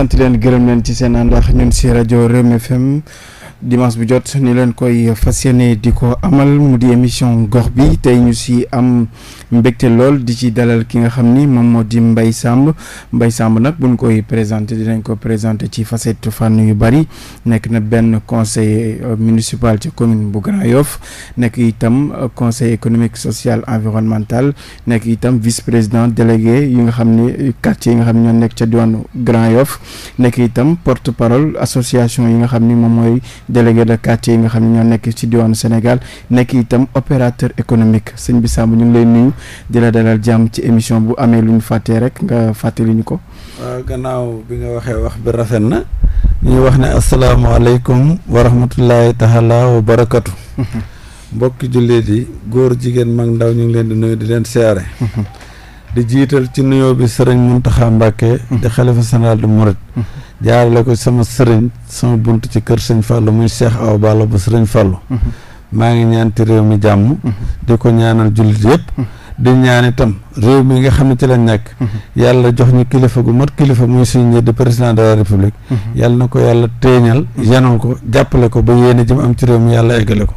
sant leen gërëm leen ci seen ànd ak ñun si rajo Rewmi FM dimanche bu jot ni leen koy fas yéene di ko amal mu di émission gox bi tey ñu si am mbégte lool di ci dalal ki nga xam ni moom moo di Mbaye Samb Mbaye Samb nag buñ koy présenté dinañ ko présenté ci facette fànn yu bari nekk na benn conseiller euh, municipal ci commune bu Grand Yoff nekk itam euh, conseil économique social environnemental nekk itam vice président délégué yi nga xam ni quartier yi nga xam ñoo nekk ca diwaanu Grand Yoff nekk itam porte parole association yi nga xam ni moom mooy délégué de quartier yi nga xam ne ñoo nekk ci diwaanu Sénégal nekk itam opérateur économique sëñ bi Samb ñu ngi lay nuyu di la dalal jàmm ci émission bu amee lu ñu fàttee rek nga fàttali ñu ko. waaw gannaaw bi nga waxee wax bi rafet na ñu wax ne asalaamaaleykum wa rahmatullahi taala wa barakatu. mbokki jullit yi góor jigéen mag ndaw ñu ngi leen di nuyu di leen siyaare. di jiital ci nuyoo bi sëriñ Muntaxa Mbàkke di xalifa général du Murit jaarale ko sama sëriñ sama bunt ci kër sëñ Fallou muy seex Awa Balla ba sëriñ Fallou mhm. maa ngi ñaan ci réew mi jàmm mhm. di ko ñaanal jullit yëpp mhm. di ñaan itam réew mi nga xam ne ci lañ nekk yàlla jox ñu kilifa gu mat kilifa muy suñu njëriñ président de la république yàlla na ko yàlla téeñal yanal ko jàppale ko ba yéene jëm am ci réew mi yàlla eggale ko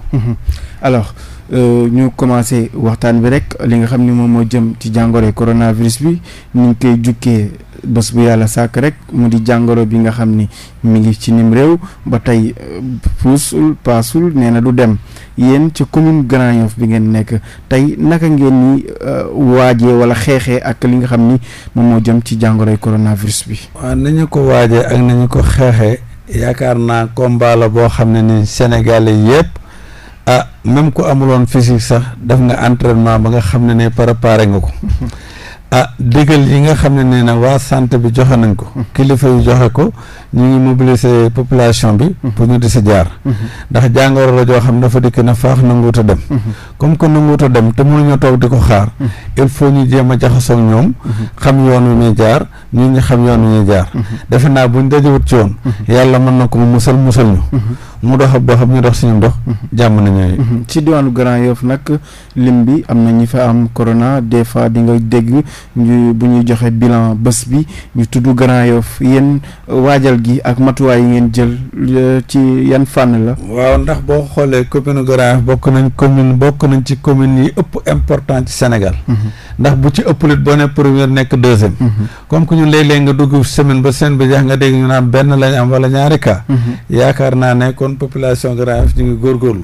Euh, ñu commencé waxtaan bi rek li nga xam ni moom moo jëm ci jàngoro coronavirus bi ñu ngi koy jukkee bés bu yàlla sàkk rek mu di jàngoro bi nga xam ni mi ngi ci nim réew ba tey euh, puusul nee na du dem yéen ci commune Grand bi ngeen nekk tey naka ngeen ni euh, waajee wala xeexee ak li nga xam ni moom moo jëm ci jàngoroy coronavirus bi. waaw nañu ko waajee ak nañu ko xeexee yaakaar naa combat la boo xam ne ni Sénégalais yépp ah même ku amuloon physique sax def nga entraînement ba nga xam ne ne préparé nga ko ah digal yi nga xam ne nee na waa santé bi joxe nañ ko mm-hmm. kilifa yu joxe ko ñu ngi mobiliser population bi mm-hmm. pour ñu di si jaar mm-hmm. ndax jàngoro la joo xam dafa dikk na faax nanguut a comme que nanguut a dem te mënuñu toog di ko xaar il ñu jéem a jaxasoo ñoom xam yoon wi ñuy jaar ñu ñu xam yoon wi ñuy defe naa buñ dajewut ci yoon yàlla mën na ko mu musal musal ñu mu dox ab doxam ñu dox suñu dox jàmm nañu ci diwaanu Grand Yoff nag lim bi am na ñi fi am corona des fois di nga dégg bu ñu joxee bilan bés bi ñu tudd Grand Yoff yéen euh, waajal gi ak matuwaay yi ngeen jël euh, ci yan fànn la. waaw ndax boo xoolee commune Grand Yoff bokk nañ commune bokk nañ ci commune yi ëpp important ci Sénégal. Mhm. ndax bu ci ëpp lit boo ne première nekk deuxième. Mhm. comme que ñun léeg-léeg nga dugg semaine ba semaine ba jeex nga dégg ñu naan benn lañ am wala ñaari cas. Mhm. yaakaar naa ne kon population Grand Yoff ñu ngi góorgóorlu.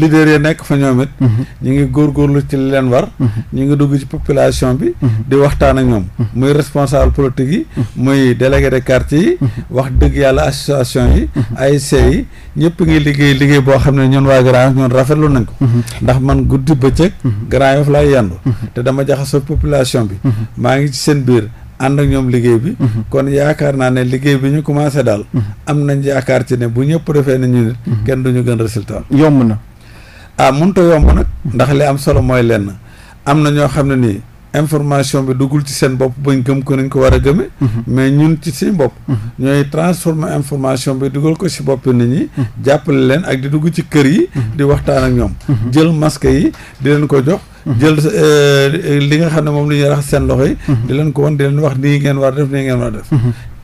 leader yi nekk fa ñoom mhm. ñu ngi góor góorlu ci li leen war. Mhm. ñu ngi dugg ci population bi. Mhm. di waxtaan ak ñoom. muy responsable politique yi. muy délégué de kart yi. wax dëgg yàlla association yi. ASC yi ñëpp ngi liggéey liggéey boo xam ne ñoon waa Grand Yoff ñun rafetlu nañ ko. ndax man guddi bëccëg. Grand Yoff laay yendu. te dama jaxasoo population bi. maa ngi ci seen biir. ànd ak ñoom liggéey bi kon yaakaar naa ne liggéey bi ñu commencé daal am nañ yaakaar ci ne bu ñëpp defee ne ñu nit kenn duñu résultat yomb na ah mënut a yomb nag ndax li am solo mooy lenn am na ñoo xam ne nii information bi duggul ci seen bopp bañ gëm ko nañ ko war a gëmee. Mhm. mais ñun ci si bopp. Mhm. ñooy transformer information bi dugal ko si bopp nit ñi. Mhm. jàppale leen ak di dugg ci kër yi. di waxtaan ak ñoom. jël masque yi di leen ko jox. jël euh, li nga xam ne moom la ñuy raxas seen loxo yi. di leen ko won di leen wax nii ngeen war a def nii ngeen war def.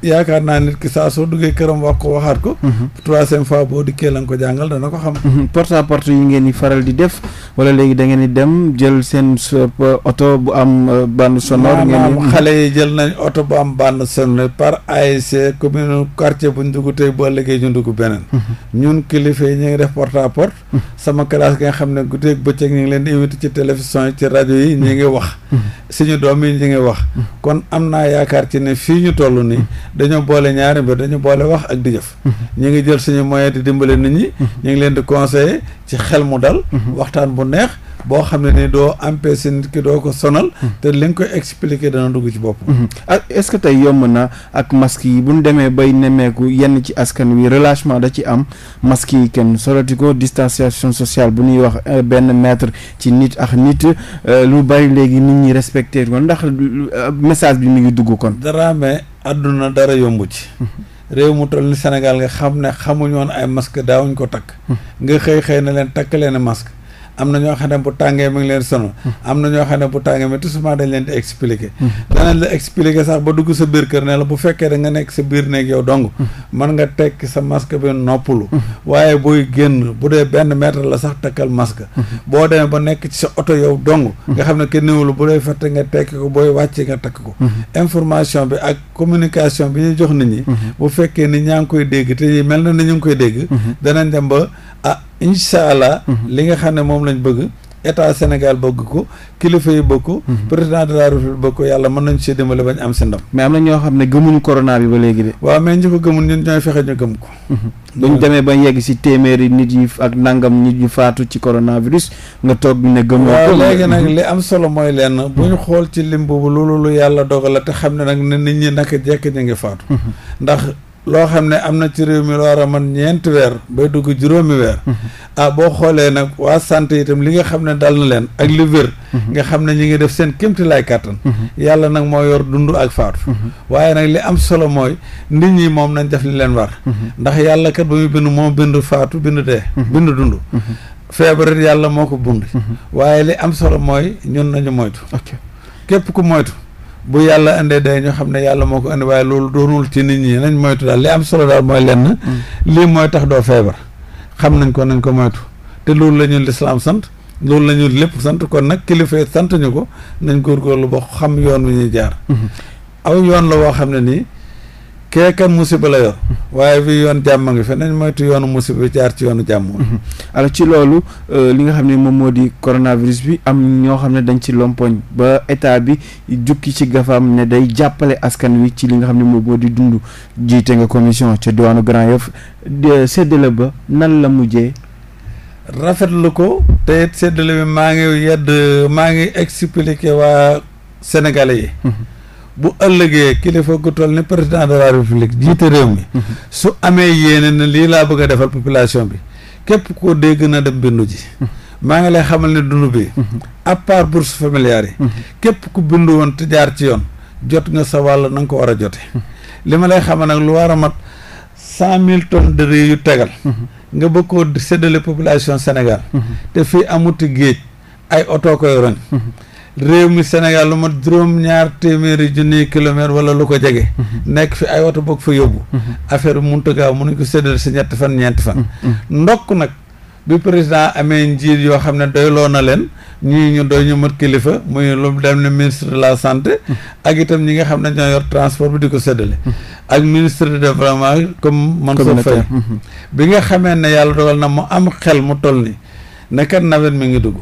yaakaar naa nit ki saa soo duggee këram wax ko waxaat ko. Mhm. troisième fois boo di la nga ko jàngal dana ko xam. Mhm. porte à porte yi ngeen di faral di def wala léegi da ngeen di dem jël seen euh, oto bu am euh, bande sonore. ngeen am xale yi jël nañ oto bu am bande sonore par AIC commune quartier bu ñu dugg tey boo liggéey ñu dugg beneen. Mhm. ñun kilifa yi ñu ngi def porte sama classe gi nga xam ne guddeeg bëccëg ñu ngi leen di invité ci télévision yi ci rajo yi ñu ngi wax. si doom yi ñu ngi wax. kon am naa yaakaar ci ne fii ñu toll nii. dañoo boole ñaari mbir dañu boole wax ak di jëf mm-hmm. ñu ngi jël suñu moyen di dimbale nit ñi mm-hmm. ñu ngi leen di conseiller ci xel mu dal mhm. waxtaan bu neex boo xam ne ni doo empêché nit ki doo ko sonal mhm. te li nga koy expliqué dana dugg ci bopp mhm. ak ah, est-ce que tey yomb na ak masque yi bu ñu demee bay nemmeeku yenn ci askan wi relâchement da ci am masque yi kenn sorati ko distanciation sociale bu ñuy wax euh, benn mètre ci nit ak nit euh, lu bari léegi nit ñi respecté ko ndax euh, message bi mu ngi dugg kon dara mais àdduna dara yomb ci réew mu toll ni Sénégal nga xam ne xamuñoon ay masque daawuñu ko takk. Hmm. nga xëy xëy na leen takk leen masque. am na ñoo xam ne bu tàngee mu ngi leen sonal am na ñoo xam ne bu tàngee mais tout souvent dañ leen di expliquer danañ la expliquer sax ba dugg sa biir kër ne la bu fekkee da nga nekk sa biir néeg yow dong mën nga tekki sa masque bi noppalu waaye booy génn bu dee benn mètre la sax takkal masque boo demee ba nekk ci sa oto yow dong nga xam ne kenn néewul bu dee fàtte nga tekki ko booy wàcce nga takk ko information bi ak communication bi ñuy jox nit ñi bu fekkee ni ñaa ngi koy dégg te mel na ni ñu ngi koy dégg danañ dem ba ah incha allah. Mm-hmm. li nga xam ne moom lañ bëgg. état Sénégal bëgg ko kilifa yi bëgg ko. Mm-hmm. président de la République bëgg ko yàlla mën nañu see dimbale bañ am si ndam. mais am na ñoo xam ne gëmuñu corona bi ba léegi de. waaw mais ñi ko gëmul ñooy fexe ñu gëm ko. Mm-hmm. bu ñu demee ba yegg si téeméeri nit yi ak nangam nit yu faatu ci coronavirus nga toog ne gëm. waaw léegi nag li am solo mooy lenn bu ñu xool ci lim boobu loolu lu yàlla dogal la te xam ne nag ne nit ñi naka jekk ñu loo xam ne am na ci réew mi lu war a man ñeenti weer bay dugg juróomi weer mhm. ah boo xoolee nag waa santé itam li nga xam ne dal na leen ak li wér mhm. nga xam ne ñi ngi def seen kémti laay kàttan mhm. yàlla nag moo yor dund ak faatu waaye nag li am solo mooy nit ñi moom nañ def li leen war ndax yàlla kat ba muy bind moom bind faatu bind dee bind dund feebarit yàlla moo ko bund waaye li am solo mooy ñun nañu moytu képp ku moytu bu yàlla indee day ñu xam ne yàlla moo ko indi waaye loolu doonul ci nit ñi nañ moytu daal li am solo daal mooy lenn. Mm. lii mooy tax doo feebar. xam nañ ko nañ ko moytu te loolu la ñu lislaam sant loolu la ñu lépp sant kon nag kilifa sant ñu ko nañ góor lu ba xam yoon wi ñuy jaar. Mm-hmm. aw yoon la woo xam ne nii. keeka musiba la yor waaye bi yoon jàmm ngi fi nañ moytu yoonu musiba jaar ci yoonu jàmm alors ci loolu euh, li nga xam ne moom moo di coronavirus bi am ñoo xam ne dañ ci lompoñ ba état bi jukki ci gafaam ne day jàppale askan wi ci li nga xam ne moom moo di dund jiite nga commission ca diwaanu Grand Yoff séddale ba nan la mujjee rafet rafetlu ko te it séddale bi maa ngi yedd maa ngi expliqué waa sénégalais yi mhm. bu ëllëgee kilifa gu toll ne président de la république jiite réew mi mhm. su amee yéene ne lii laa bëgg a defal population bi képp koo dégg na dem bindu ji mhm. maa ngi lay xamal ne dund bi mhm. à part bourse familiale yi képp ku bindu woon te jaar ci yoon jot nga sa wàll na ko war a jote li ma lay xamal nag lu war a mat cent mille tonnes de riz yu tegal nga bëgg koo séddale population Sénégal te fii amuti géej ay oto koy roñ réew mi Sénégal lu mat juróom-ñaar téeméeri junniy kilomètre wala lu ko jege. Mhm. nekk fi ay oto bokk fa yóbbu. Mhm. affaire bi mënut a gaaw mënuñ ko séddale si ñetti fan ñeenti fan. Mhm. ndokk nag bi président amee njiit yoo xam ne loo na leen ñii ñu doy ñu mat kilifa muy lu dem ne ministre de la santé. ak itam ñi nga xam ne ñoo yor transport bi di ko séddale. ak ministre de développement comme Mansour Faye bi nga xamee ne yàlla dogal na mu am xel mu toll ni ne nawet mi ngi dugg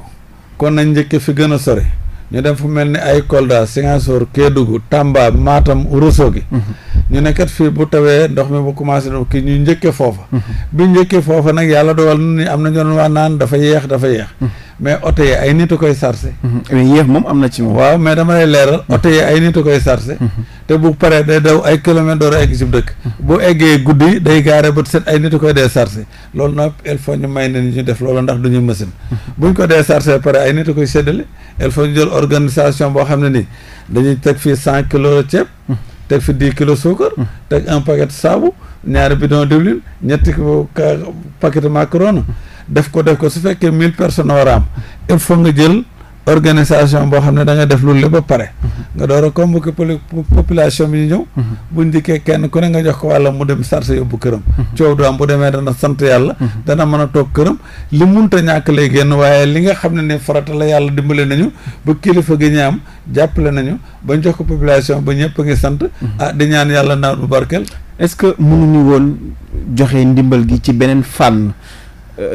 kon nañ njëkk fi gën a sore. ñu dem fu mel ni ay Kolda Singasoor Kédougou Tamba Matam gi mhm. ñu ne kat fii bu tawee ndox mi bu commencé do ki ñuy njëkkee foofa mhm. bi njëkkee foofa nag yàlla dogal nu ni am na ñoon waa naan dafa yeex dafa yeex mhm. mais oto yi ay nit a koy chargé. Mm-hmm. mais yéex moom am na ci moom. waaw mais dama lay leeral mm-hmm. oto yi ay nit a koy chargé. Mm-hmm. te bu paree day daw ay kilomètres door a egg bu dëkk. boo eggee guddi day gaare ba set ay nit a koy déchargé loolu nag il ñu may ne ñu def loolu ndax du ñu machine. buñ ko dee déchargé pare ay nit a koy séddale il faut ñu jël organisation boo xam ne nii dañuy teg fii cent kilos ceeb. teg fi dix kilos suukar. teg un paquet saabu ñaari bidon diwlin ñetti paquet macaroni. def ko def ko su fekkee mille personnes war a am il faut nga jël organisation boo xam ne da nga def loolu lépp ba pare. Mhm. nga door a convoquer population bi mhm. bu njëkkee kenn ku ne nga jox ko wàlla mu dem sarse yóbbu këram. Mhm. coow du am bu demee dana sant yàlla. dana mën a toog këram. li munta ñàkk lay génn waaye li nga xam ne ni farata la yàlla dimbale nañu ba kilifa gi ñaam jàppale nañu ba jox ko population ba ñëpp a ngi sant. ah di ñaan yàlla naa bu barkeel. est-ce que mënuñu woon joxe ndimbal gi ci beneen fànn.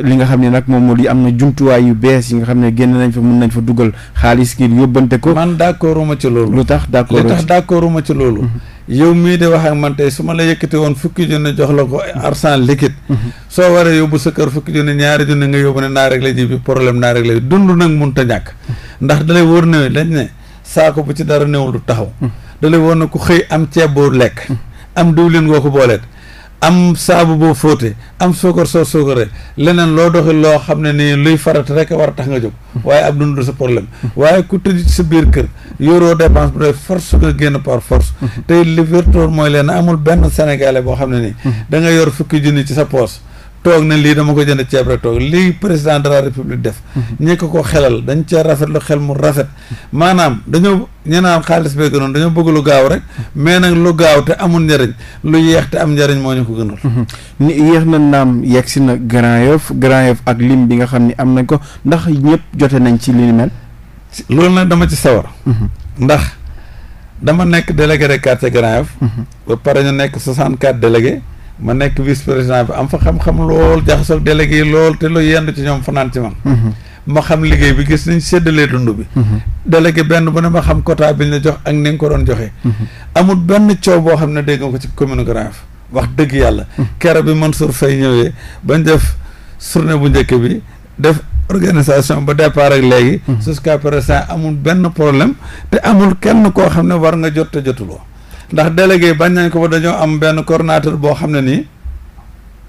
li nga xam ne nag moom moo di am na jumtuwaay yu bees yi nga xam ne génn nañ fa mun nañ fa dugal xaalis ngir yóbbante ko. man d' accord ma ci loolu. lu tax d' accord lu tax d' ma ci loolu. Mhm. yow mii de wax ak man tey su ma la yëkkati woon fukki junne jox la ko argent liquide. Mhm. soo waree yóbbu sa kër fukki junne ñaari junne nga yóbbu ne naa réglé ji bi problème naa réglé bi dund nag mun ta ñàkk. ndax dalay wóor ne dañ ne saako bu ci dara newul du taxaw. Mhm. dalay wóor ne ko xëy am ceeb boo lekk. am diwlin ngoo ko booleet. am saabu boo fóote am sookar soo sookaree leneen loo doxi loo xam ne nii luy farata rek war a tax nga jóg waaye ab dund sa problème waaye ku tëj sa biir kër yoroo dépense bu doy force nga génn par force tey li wértoor mooy leen amul benn sénégalais boo xam ne nii da nga yor fukki junni ci sa poos toog na lii dama ko jënd ceeb rek toog lii président de la république def mhm. ñekk ko xelal dañ ca rafetlu xel mu rafet maanaam dañoo ñenaan xaalis bee gënoon dañoo bëgg lu gaaw rek mais nag lu gaaw te amul njëriñ lu yeex te am njëriñ moo ñu ko gënal mhm. ni yéex na naam yegg si na Grand Yoff Grand Yoff ak lim bi nga xam ni am nañ ko ndax ñëpp jote nañ ci li ni mel loolu nag dama ci sawar mhm. ndax dama nekk délégué de quartier Grand Yoff ba pare ñu nekk soixante-quatre délégué ma nekk vice président bi am fa xam-xam lool jaxasoog délégué yi lool te loolu yendu ci ñoom fanaan ci man mhm. ma xam liggéey bi gis nañ séddalee dund bi mhm. délégué benn bu ne ma xam quota bi ñu jox ak ni nga ko doon joxee mhm. amul benn coow boo xam ne dégg nga ko ci commune Grand wax dëgg yàlla kera bi Mansour Faye ñëwee ba def journée bu njëkk bi def organisation ba départ ak léegi jusqu'à présent amul benn problème te amul kenn koo xam ne war nga jot te jotuloo ndax délégué bañ nañ ko ba dañoo am benn coordonnateur boo xam ne nii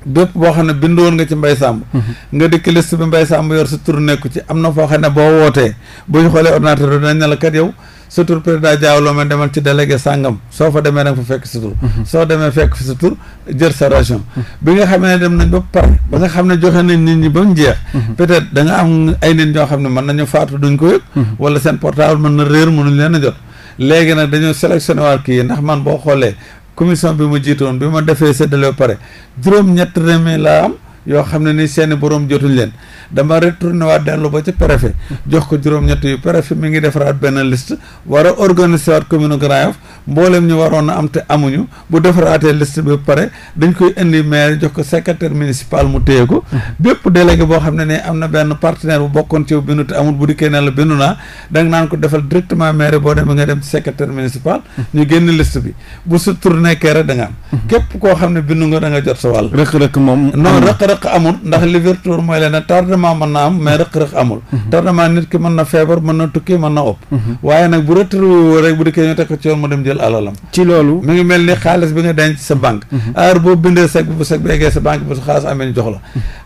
bépp boo xam ne bindoon nga ci mbay Samb mm-hmm. nga dikk liste bi Mbaye Samb yor sa tur nekku ci am na foo xam ne boo wootee bu ñu xoolee ordinateur bi dinañ ne la kat yow sa tur président Diawlo ma demal ci délégué sàngam soo fa demee da nga fa fekk sa tur mm-hmm. soo demee fekk fi sa tur jël sa ration mm-hmm. bi nga xam ne dem nañ ba pare ba nga xam ne joxe nañ nit ñi ba mu jeex peut-être da am ay nit ñoo xam ne mën nañu faatu duñ ko yëg wala seen portable mën na réer mënuñ leen a jot léegi nag dañoo sélectionné waat kii ndax man boo xoolee commission bi mu jiitoon bi ma defee séddale pare juróom-ñett remi laa am yoo xam ne ni seeni borom jotuñ leen dama retourné waat dellu ba ci préfet jox ko juróom ñetti yu préfet mi ngi defaraat benn list war a organiser waat commune Grand ñu waroon a am te amuñu bu defaraatee liste bi pare dañ koy indi maire jox ko secrétaire municipal mu téye ko bépp délégué boo xam ne ne am na benn partenaire bu bokkoon ci yow bindu te amul bu dikkee ne la bindu naa da nga naan ko defal directement maire boo demee nga dem ci secrétaire municipal ñu génn liste bi bu su tourné kere da nga am mm-hmm. képp koo xam ne bindu nga da jot sa wàll moom non rëq amul ndax li virtuur mooy leen tardement mën na am mais rëq-rëq amul mhm. tardement nit ki mën na feebar mën na tukki man na ëpp mhm. waaye nag bu retour rek bu dikkee ñu teg ko ci yoon mu dem jël alalam ci loolu mi ngi mel ni xaalis bi nga denc sa banque mhm. heure boo bindee sec bu sec bi eggee sa banque bi su xaalis amee ñu jox la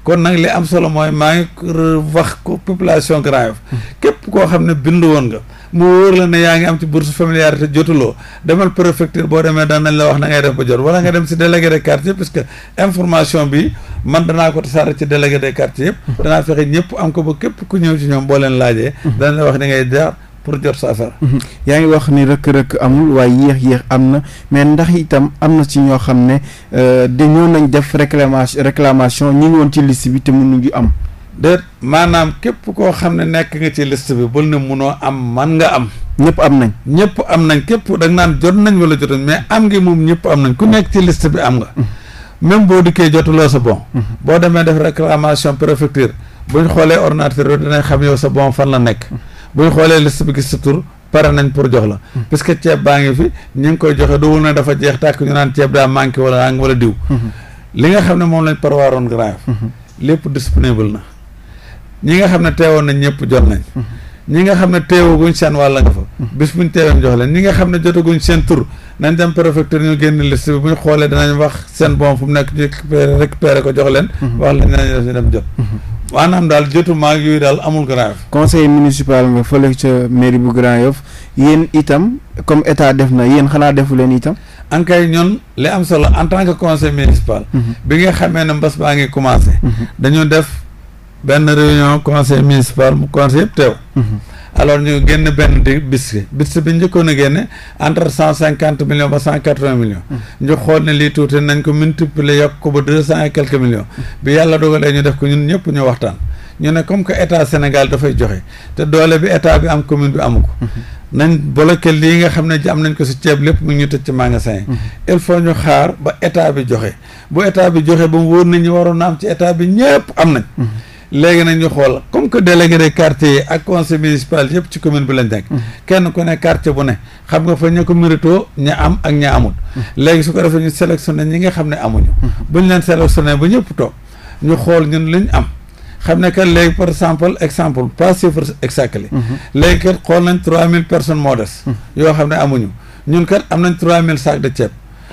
kon nag li am solo mooy maa ngi wax ko population Grand Yoff képp koo xam ne bindu woon nga mu wóor la ne yaa ngi am ci bourse familiale te jotuloo demal préfecture boo demee danañ la wax na ngay def ba jot wala nga dem si délégué de quartier parce que information bi man danaa ko tasaare ci délégué des quartiers yëpp danaa fexe ñëpp am ko ba képp ku ñëw ci ñoom boo leen laajee mhm. dana la wax ni ngay jaar pour jot sa affaire mhm. yaa ngi wax ni rëkk-rëkk amul waaye yéex-yéex am na mais ndax itam am na ci ñoo xam ne euh, dañoo nañ def réclamation réclamation ñu ngi woon ci liste bi te mënuñu am déet maanaam képp koo xam ne nekk nga ci liste bi bul ne munoo am man nga am ñëpp am nañ ñëpp am nañ képp da naan jot nañ wala jotoon mais am ngi moom ñëpp am nañ ku nekk ci liste bi am nga mhm. même boo dikkee jotuloo sa bon. Mhm. boo demee def réclamation préfecture bu ñu xoolee ordinateur bi dinañ xam yow sa bon fan la nekk. Mhm. bu ñu xoolee liste bi gis sa tur pare nañ pour jox la. Mhm. parce que ceeb baa ngi fi ñu ngi koy joxe duwul na dafa jeex tàkk ñu naan ceeb daa manqué wala daa ngi wala diw. li nga xam ne moom lañ parwaaroon grave lépp disponible na. ñi nga xam ne teewoon nañ ñëpp jot nañ. ñi nga xam ne teewaguñ seen wàll nga fa mm-hmm. bis buñ teewee jox leen ñi nga xam ne jotaguñ seen tur nañ dem préfecture ñu génn liste bi buñ xoolee danañ wax seen bon fu mu nekk ñu récupéré ko jox leen mm-hmm. wax lañ nañ def ñu dem jot mm-hmm. maanaam daal jotu maa ngi daal amul Grand Yoff conseil municipal nga fële ca bu Grand Yoff yéen itam comme état def na yéen xanaa defu leen itam ankay ñun li am solo en tant que conseil municipal bi benn réunion conseil municipal mu conseil yëpp teew. Mhm. alors ñu génn benn di bis bis bi njëkkoon a génne entre cent cinquante millions ba cent quatre vingt millions. Mhm. ñu xool ne lii tuuti nañ ko multiplier yokk ko ba deux cent et quelques mhm. bi yàlla dogalee ñu def ko ñun ñëpp ñu waxtaan. ñu ne comme que état Sénégal dafay joxe te doole bi état bi am commune bi amu ko. nañ bloqué lii nga xam ne ji am nañ ko si ceeb lépp mu ñu tëj ci magasin yi. il faut ñu xaar ba état bi joxe bu état bi joxe ba mu wóor nañu waroon na ci état bi ñëpp am nañ. léegi nag ñu xool comme que délégué de quartier ak conseil municipal yëpp ci commune bi lañ nekk. Mm-hmm. kenn ku ne quartier bu ne xam nga fa ña ko mérito ña am ak ña amul. Mm-hmm. léegi su ko defee ñu sélectionné ñi nga xam ne amuñu. Mm-hmm. buñ leen sélectionné ba ñëpp toog ñu xool ñun liñ am. xam ne kat léegi par exemple exemple pas chiffre exact li léegi kat xool nañ mille personnes moo des. yoo xam ne amuñu ñun kat am nañ trois mille sacs de ceeb.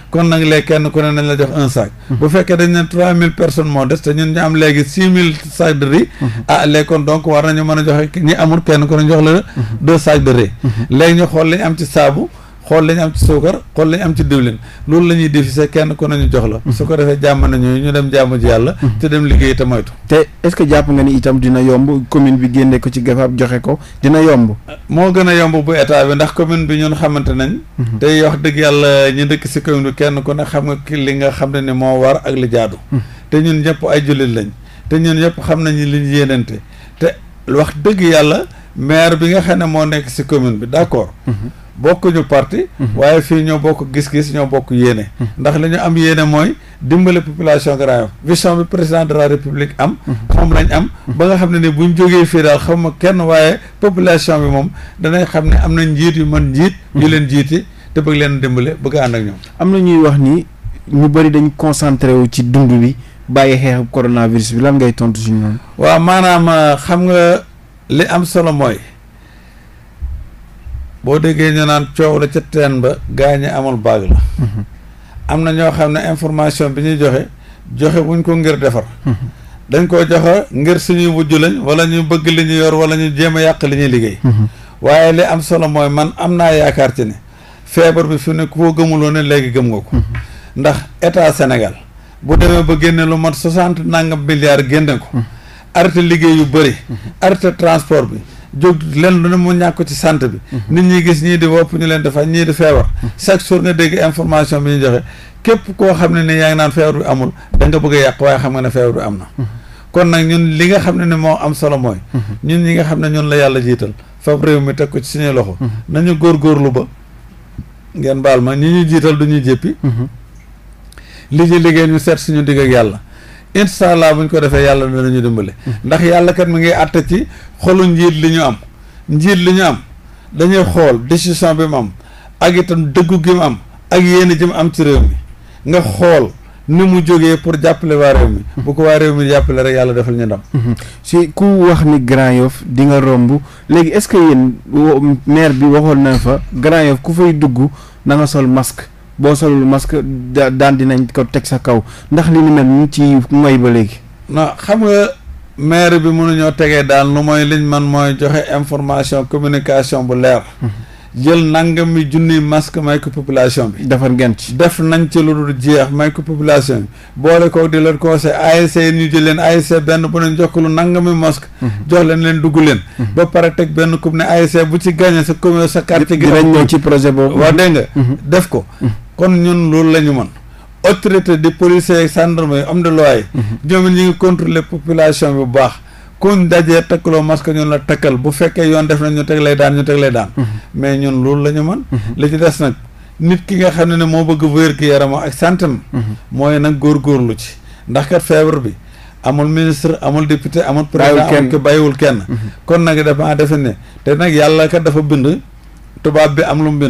kon nag léegi kenn ku ne nañ la jox un sac. Mm-hmm. bu fekkee dañ ne trois mille personnes moo des te ñun ñu am léegi six mille sacs de riz. Mm-hmm. ah léegi kon donc war nañu mën a joxe ñi amul kenn ku ñu jox la mm-hmm. deux sacs de riz. léegi ñu xool li am ci saabu. xool la ñu am ci suukar xool la ñu am ci diwlin loolu lañuy ñuy diffusé kenn ku nañu jox la su ko defee jàmm nañu ñu dem jàmm ji yàlla mhm. te dem liggéey te moytu te est-ce que jàpp nga ni itam dina yomb commune bi génne ko ci gafaab joxe ko dina yomb moo gën a yomb bu état bi ndax commune bi ñun xamante nañ mhm. tey wax dëgg yàlla ñu dëkk si commune bi kenn ku ne xam nga ki li nga xam ne ni moo war ak li jaadu mhm. te ñun ñëpp ay jullit lañ te ñun ñëpp xam nañu li ñu te wax dëgg yàlla maire bi nga xam ne moo nekk si commune bi d'accord bokkuñu parti mhm. waaye fii ñoo bokk gis-gis ñoo bokk yéene mhm. ndax li ñu am yéene mooy dimbale population Grand Yoff vision bi président de la république am mhm. moom lañ am ba nga xam ne ni buñ jógee fii daal xam ma kenn waaye population bi moom danañ xam ne am na njiit yu man njiit yu leen jiiti te bëgg leen dimbale bëgg ànd ak ñoom am na ñuy wax ni ñu bëri dañu concentré wu ci dund bi bàyyi xeexu coronavirus bi lan ngay tontu si ñoom waa maanaam euh, xam nga li am solo mooy boo déggee ñu naan coow la ca teen ba gaa ñi amul baag la mm-hmm. am na ñoo xam ne information bi ñuy joxe joxe wuñ ko ngir defar mm-hmm. dañ koo joxe ngir suñuy wujj lañ wala ñu bëgg li ñu yor wala ñu jéem a yàq li ñuy liggéey mm-hmm. waaye li am solo mooy man am naa yaakaar ci ne feebar bi fi ne ko gëmuloo ne léegi gëm nga ko ndax état Sénégal bu demee ba génne lu man soixante nangam milliards génne ko arrêté liggéey yu bëri arrêté transport bi jóg len lu ne mu ñàkk ci sant bi mhm. nit ñi gis ñii di wopp ñu leen dafa ñii di feebar mhm. chaque jour nga dégg information bi ñu joxe képp koo xam ne ni yaa ngi naan feebar bi amul da nga bëgg yàq waaye xam nga ne feebar bi am na mhm. kon nag ñun li nga xam ne ne moo am solo mooy ñun ñi nga xam ne ñun la yàlla jiital fab réew mi teg ko ci suñuy loxo nañu góorgóorlu ba ngeen baal ma ñi ñu jiital du ñuy jéppi li ñu liggéey ñu seet suñu digg ak yàlla incha allah bu ñu ko defee yàlla danañu dimbale. ndax yàlla kat mi ngi àtte ci xolu njiit li ñu am njiit li ñu am dañuy xool décision bi mu am ak itam dëggu gi mu am ak yéen ji am ci réew mi nga xool ni mu jógee pour jàppale waa réew mi. bu ko waa réew mi jàppale rek yàlla defal ñu ndam. si ku wax ni Grand Yoff di nga romb léegi est-ce que yéen bi waxoon na fa Grand Yoff ku fay dugg na nga sol masque. boo solul masque daan dinañ ko teg sa kaw ndax li ni mel ñu ci moy ba léegi non xam nga maire bi mënuñoo tegee daan lu mooy liñ man mooy joxe information communication bu leer mhm. jël nangam mi junni masque may ko population bi defar ngeen ci def nañ ci lu dul jeex may ko population bi boole koo di leen conseil ASC ñu jël leen ASC benn bu leen jox ko lu nangami masque mhm. jox leen leen dugg leen mhm. ba pare teg benn coupe ne ASC bu ci gagné sa commune sa quartier gi dinañ ñëw ci projet boobu waaw dégg nga def ko kon ñun loolu la ñu mën autorité di police ak gendarme yi am de loi mhm. ñoom it ñu ngi contrôler population bi bu baax kuñ dajee takkaloo masque ñun la takkal bu fekkee yoon def na ñu teg lay daan ñu teg lay daan mhm. mais ñun loolu la ñu mën mhm. li ci des nag nit ki nga xam ne ne moo bëgg wér ki yaram ak santam mooy nag góor góorgóorlu ci ndax kat feebar bi amul ministre amul député amul président amul ki bàyyiwul kenn kon nag dafa defe ne te nag yàlla kat dafa bind tubaab bi am lu mu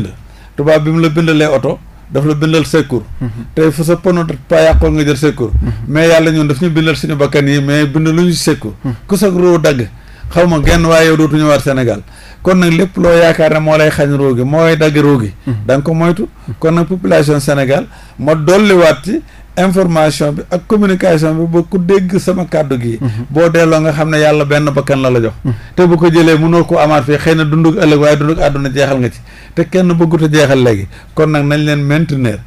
tubaab bi mu la bindalee oto daf la bindal secours tey fu sa pono pa yàqoo nga jël secours mais yàlla ñun daf ñu bindal suñu bakkan yi mais bind lu ñu secours ku sa roo dagg xaw ma genn waaye yow dootu ñëwaat Sénégal kon nag lépp loo yaakaar ne moo lay xañ roo gi mooy dagg roo gi mm-hmm. da nga ko moytu kon nag population Sénégal ma dolliwaat ci information bi ak communication bi ba ku dégg sama kàddu gi. Mhm. boo delloo nga xam ne yàlla benn bakkan la la jox. Mhm. te bu ko jëlee mënoo ko amaat fii xëy na dundug ëllëg waaye dundug àdduna jeexal nga ci te kenn bëggut a jeexal léegi kon nag nañ leen maintenir.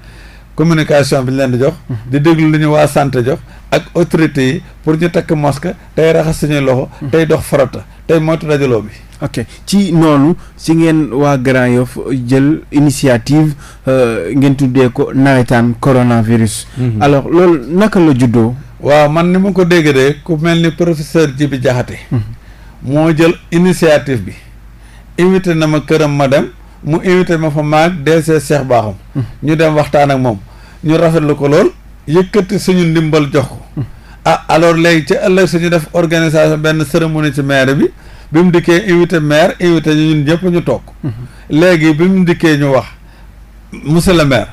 communication bi ñu leen di jox. di déglu lu ñu waa santé jox. ak autorité yi pour ñu takk masque tey raxas suñuy loxo. tey dox farata tey moytu dajaloo bi. ok ci noonu si ngeen waa Grand Yoff jël initiative euh, ngeen tuddee ko nawetaan coronavirus. Mhm. alors loolu naka la juddoo. waaw man ni ma ko dégg de ku mel ni professeur Djibi Diakhaté. Mhm. moo jël initiative bi. invité na ma këram ma dem mu invité ma fa maag DG Cheikh Bakhoum. Mhm. ñu dem waxtaan ak moom. ñu rafetlu ko lool yëkkati suñu ndimbal jox ko hmm. ah alors léegi ci ëllëg suñu def organisation benn cérémonie ci maire bi bi mu dikkee invité maire invité ñu ñun ñëpp ñu toog hmm. léegi bi mu dikkee ñu wax monsieur le maire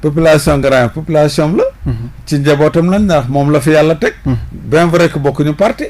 population grand population la hmm. ci njabootam lañ ndax moom la fi yàlla teg bien vrai que bokk ñu parti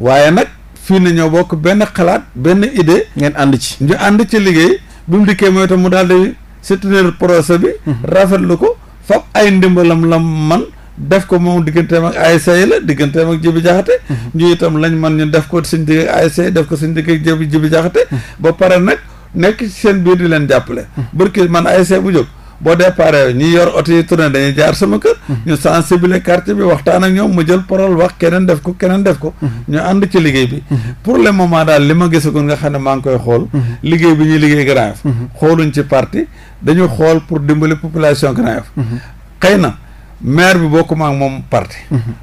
waaye nag fii ne ñoo bokk benn xalaat benn idée ngeen ànd ci ñu ànd ci liggéey bi mu dikkee mooy tam mu daal di soutenir projet rafet rafetlu ko fab ay ndimbalam lam man def ko moom digganteem ak ASC la digganteem ak Jibi Jaxate mhm. ñu itam lañ man ñu def ko suñ digg ak ASC def ko seen digg ak Jibi Jibi Jaxate mhm. ba pare nag nekk seen biir di leen jàppale ba mhm. barki man ay ASC bu jóg boo déparé ñi yor oto yi tourné dañuy jaar sama kër. ñu sensibiliser quartier bi waxtaan ak ñoom ma jël parole wax keneen def ko keneen def ko. ñu ànd ci liggéey bi. pour le moment daal li ma gisagul nga xam ne maa ngi koy xool. liggéey bi ñuy liggéey Grand Yoff. xooluñ ci parti dañu xool pour dimbali population Grand Yoff. xëy na. maire bi bokkuma ak moom parti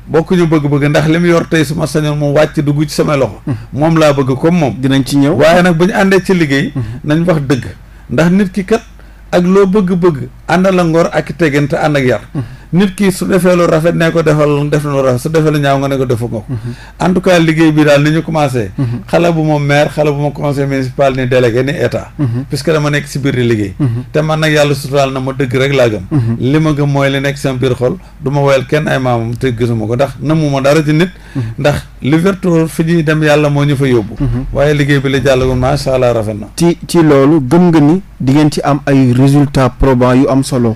bokkuñu bëgg-bëgg ndax li mu yor tey suma sañoon moom wàcc dugg ci samay loxo moom laa bëgg comme moom dinañ ci ñëw waaye nag bu ñu ci liggéey nañ wax dëgg ndax nit ki kat ak loo bëgg-bëgg ànd la ngor ak tegente ànd ak yar mm-hmm. nit ki su defee lu rafet ne ko defal def lu rafet su defee lu ñaaw nga ne ko defu nga ko mhm. en liggéey bi daal ni ñu commencé mhm. xale bu ma maire xale bu ma conseil municipal ni délégué ni état mhm. puisque dama nekk si biir di liggéey ma dëgg rek laa gëm li ma gëm mooy li nekk sama biir xol du ma woyal kenn ay maamam te gisuma ko ndax namuma dara ci nit ndax liberté fi ñuy dem yàlla moo ñu yóbbu waaye liggéey bi la jàllagul macha allah rafet na ci ci loolu gëm nga ni di ci am ay résultats probants yu am solo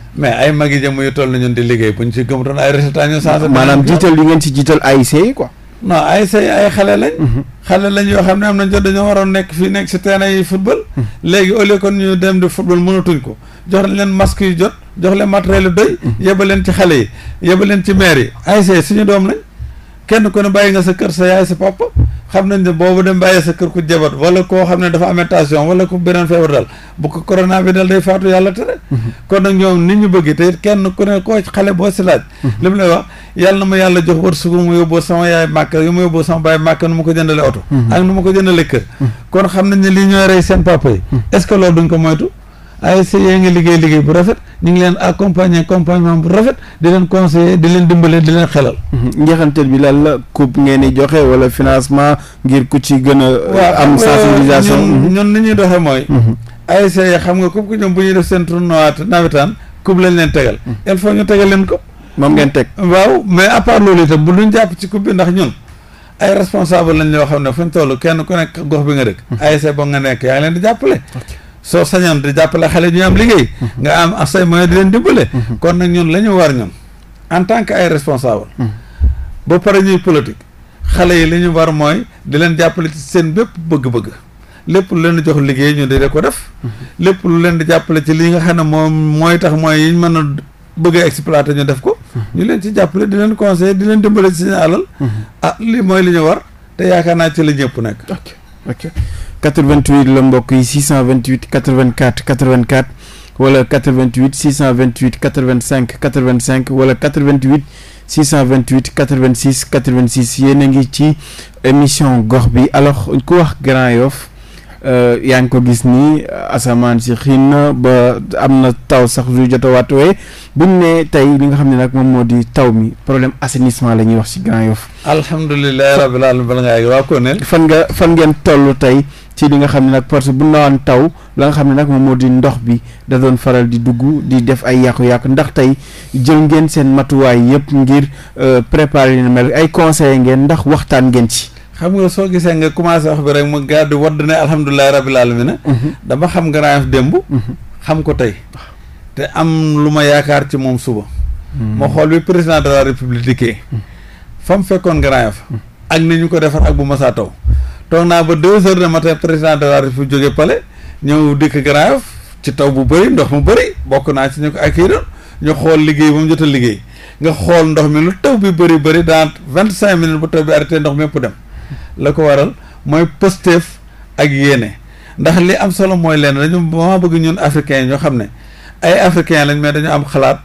kay buñ si gëmutoon ay résultats ñu changé. maanaam jiital li ngeen si jiital ASC yi quoi. non ASC yi ay xale lañ. Mhm. xale lañ yoo xam ne am nañ jot dañoo waroon nekk fii nekk si terrain yi football. Mhm. léegi au lieu ñu dem di football mënatuñ ko jox leen masque yu jot jox leen matériel yu doy. Mhm. yebal leen ci xale yi yebal leen ci maire yi ASC suñu doom lañ kenn ku ne bàyyi nga sa kër sa yaay sa papa. xam na ne boobu dem bàyyi sa kër ku jabat wala koo xam ne dafa amee tension wala ku beneen feebar daal bu ko corona bi dal day faatu yàlla tere kon nag ñoom nit ñu bëgg te kenn ku ne koo xale boo si laaj li mu wax yàlla na ma yàlla jox wërsëgu mu yóbboo sama yaay màkk yu mu yóbboo sama baay màkk nu ma ko jëndale oto ak nu ma ko jëndale kër kon xam nañ ne lii ñooy rey seen papa yi est duñ ko moytu ASC yaa ngi liggéey liggéey bu rafet ñu ngi leen accompagner accompagnement bu rafet di leen conseiller di leen dimbale di leen xelal. Mhm. njeexanteel bi lan la coupe ngeen di joxe wala financement ngir ku ci gën a. Euh, am sensibilisation mhm. ñun ni ñuy doxee mooy. Mhm. ASC yi xam nga coupe ñoom bu ñuy def seen tournoi nawetaan coupe lañ leen tegal. il faut ñu tegal leen ko moom ngeen teg waaw mais à part loolu itam bu duñ jàpp ci coupe bi ndax ñun. ay responsable la ñoo xam ne fu ñu toll kenn ku nekk gox bi nga dëkk. ASC nga nekk yaa leen di jàppale. soo sañoon di jàppale xale ñu am liggéey nga am say moyen di leen dimbale kon nag ñun la ñu war ñun en tant que ay responsable ba pare ñuy politique xale yi li ñu war mooy di leen jàppale ci seen bépp bëgg-bëgg lépp lu leen jox liggéey ñu di ko def lépp lu leen di jàppale ci li nga xam ne moom mooy tax mooy yiñ mën a bëgg a exploiter ñu def ko ñu leen ci jàppale di leen conseiller di leen dimbale ci seen alal mhm. ah li mooy li ñu war te yaakaar naa ci l ñëpp nekk ok ok 88 la mbokk yi 628 84 84 wala 88 628 85 85 wala 88 628 86 86 yéen a ngi ci émission gox bi alors ku wax Grand Yoff euh, yaa ngi ko gis nii asamaan si xiin na ba am na taw sax lu jot a waat waaye ne tey li nga xam ne nag moom moo di taw mi problème assainissement la ñuy wax si Grand Yoff. alhamdulilah rabbil alamin bala ngaa yegg waa Kone. fan nga fan ngeen tollu tey. ci li nga xam ne nag parce que bu naan taw la nga xam ne nag moom moo di ndox bi da doon faral di dugg di def ay yàqu-yàqu ndax tey jël ngeen seen matuwaay yëpp ngir euh, préparer yu mel ay conseil ngeen ndax waxtaan ngeen ci. xam nga soo gisee nga commencé wax bi rek mu gàddu wadd ne alhamdulilah rabil aalamiina. Mhm. dama xam Grand Yoff démb. Mhm. xam ko tey. te am lu ma yaakaar ci moom suba. ma mhm. xool bi président de la république. fa mu fekkoon Grand Yoff ak ni ñu ko defar ak bu masaa taw. toog naa ba deux heures de matin président de la République jóge pale ñëw dikk Grand ci taw bu bëri ndox mu bëri bokk naa ci ñu ko accueillir ñu xool liggéey ba mu jot liggéey nga xool ndox mi lu taw bi bëri bëri dans vingt cinq minutes bu taw bi arrêté ndox mépp dem la ko waral mooy pësteef ak yéene ndax li am solo mooy leen dañu maa bëgg ñun africains yi ñoo xam ne ay africains lañ mais dañu am xalaat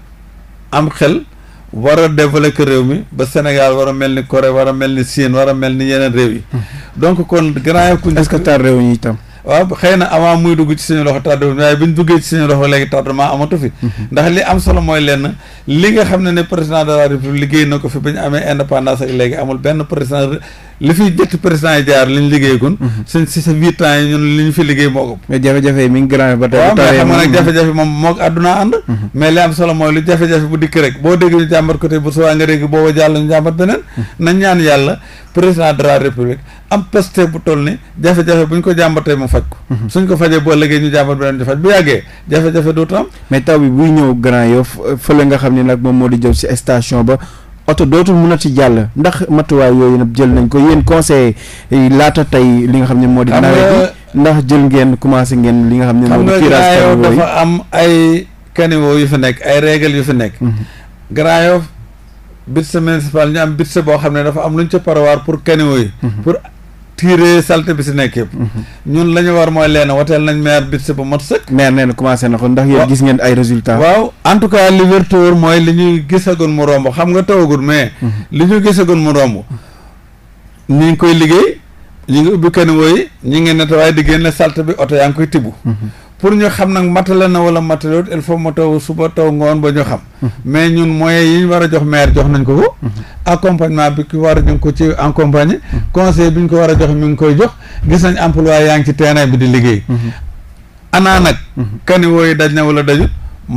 am xel war a développé réew mi ba Sénégal war a mel ni Corée war a mel ni Chine war a mel ni yeneen réew yi. Mhm. donc kon grand yow. est-ce que tar réew yi itam. waaw xëy na avant muy dugg ci suñu loxo tardement waaye bi ñu duggee ci suñu loxo léegi maa amatu fi. Mhm. ndax li am solo mooy lenn li nga xam ne ne président de la liggéey na ko fi ba ñu amee indépendance ak léegi amul benn président. li fi jëtti président yi jaar liñ liggéey kon mhm. seen si sa huit ans yi ñun li ñu fi liggéey moo ko mais jafe-jafe yi mi ngi grand ba tey waaw moom moo àdduna ànd mhm. mais li am solo mooy lu bu dikk rek boo dégg ñu jàmbat côté bu subaa nga dégg booba jàll beneen mhm. nañ ñaan yàlla président de la république am poste bu toll ni jafe-jafe bu ñu ko jàmbatee mu faj ko suñ ko fajee boo liggéey ñu jàmbat beneen ñu faj bu yàggee jafe-jafe dootu am mais taw bi buy ñëw grand yow fële nga xam ni nag moom moo di jëm si station ba oto dootul a munati jàll ndax matuwaay yooyu nag jël nañ ko yéen conseil laata tey li nga xam ne moo di nawet bi ndax jël ngeen commencé ngeen li nga xam ne moo di curage dafa am ay caniveau yu fi nekk ay règle yu fi nekk mhm. Grand Yoff bitse municipal ñu am bitse boo xam ne dafa am lu ñu ca parawaar pour caniveau yi mhm. pour tiiree salt bi si nekk yëpp ñun la ñu war mooy leena wateel nañ maire bi si ba mot sëkk maire nee na commencé na ko ndax yéen gis ngeen ay résultat waaw en tout cas li wér tóor mooy li ñuy gisagun mu romb xam nga tawagul mais mm-hmm. li gis a gisagun mu romb ñu ngi koy liggéey ñu ngi ubbi kenn wooyi ñu ngi netawaay di génne salt bi oto yaa ngi koy tibb mm-hmm. pour ñu xam nag matala na wala matalewut il faut ma taw suba taw ngoon ba ñu xam mhm. mais ñun moyens yi ñu war a jox maire jox nañ ko ko mhm. accompagnement bi ki war a ñu ngi ko ci accompagner mhm. conseil bi ñu ko war a jox mi ngi koy jox gis nañ emploi yaa ngi ci terrain bi di liggéey anaa nag kani wooyu daj na wala dajut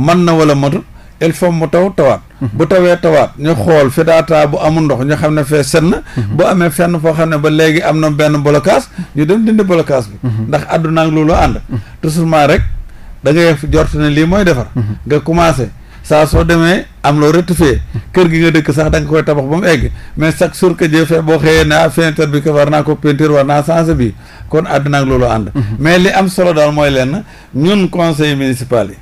man na wala matut il faut mu taw tawaat mhm. bu tawee tawaat ñu xool fi bu amul ndox ñu xam ne fee senn mhm. bu amee fenn foo xam ne ba léegi am na benn blocage ñu dem dindi blocage bi mhm. ndax àdduna ak loolu ànd tout simplement rek da ngay jort ne lii mooy defar nga commencé saa soo demee am loo rectifié kër gi nga dëkk sax da nga koy tabax ba mu egg mais chaque jour que Dieu boo xëyee ne ah bi que war naa ko peinture war naa changé bi kon àdduna ak loolu ànd mais li am solo daal mooy lenn ñun conseil municipal yi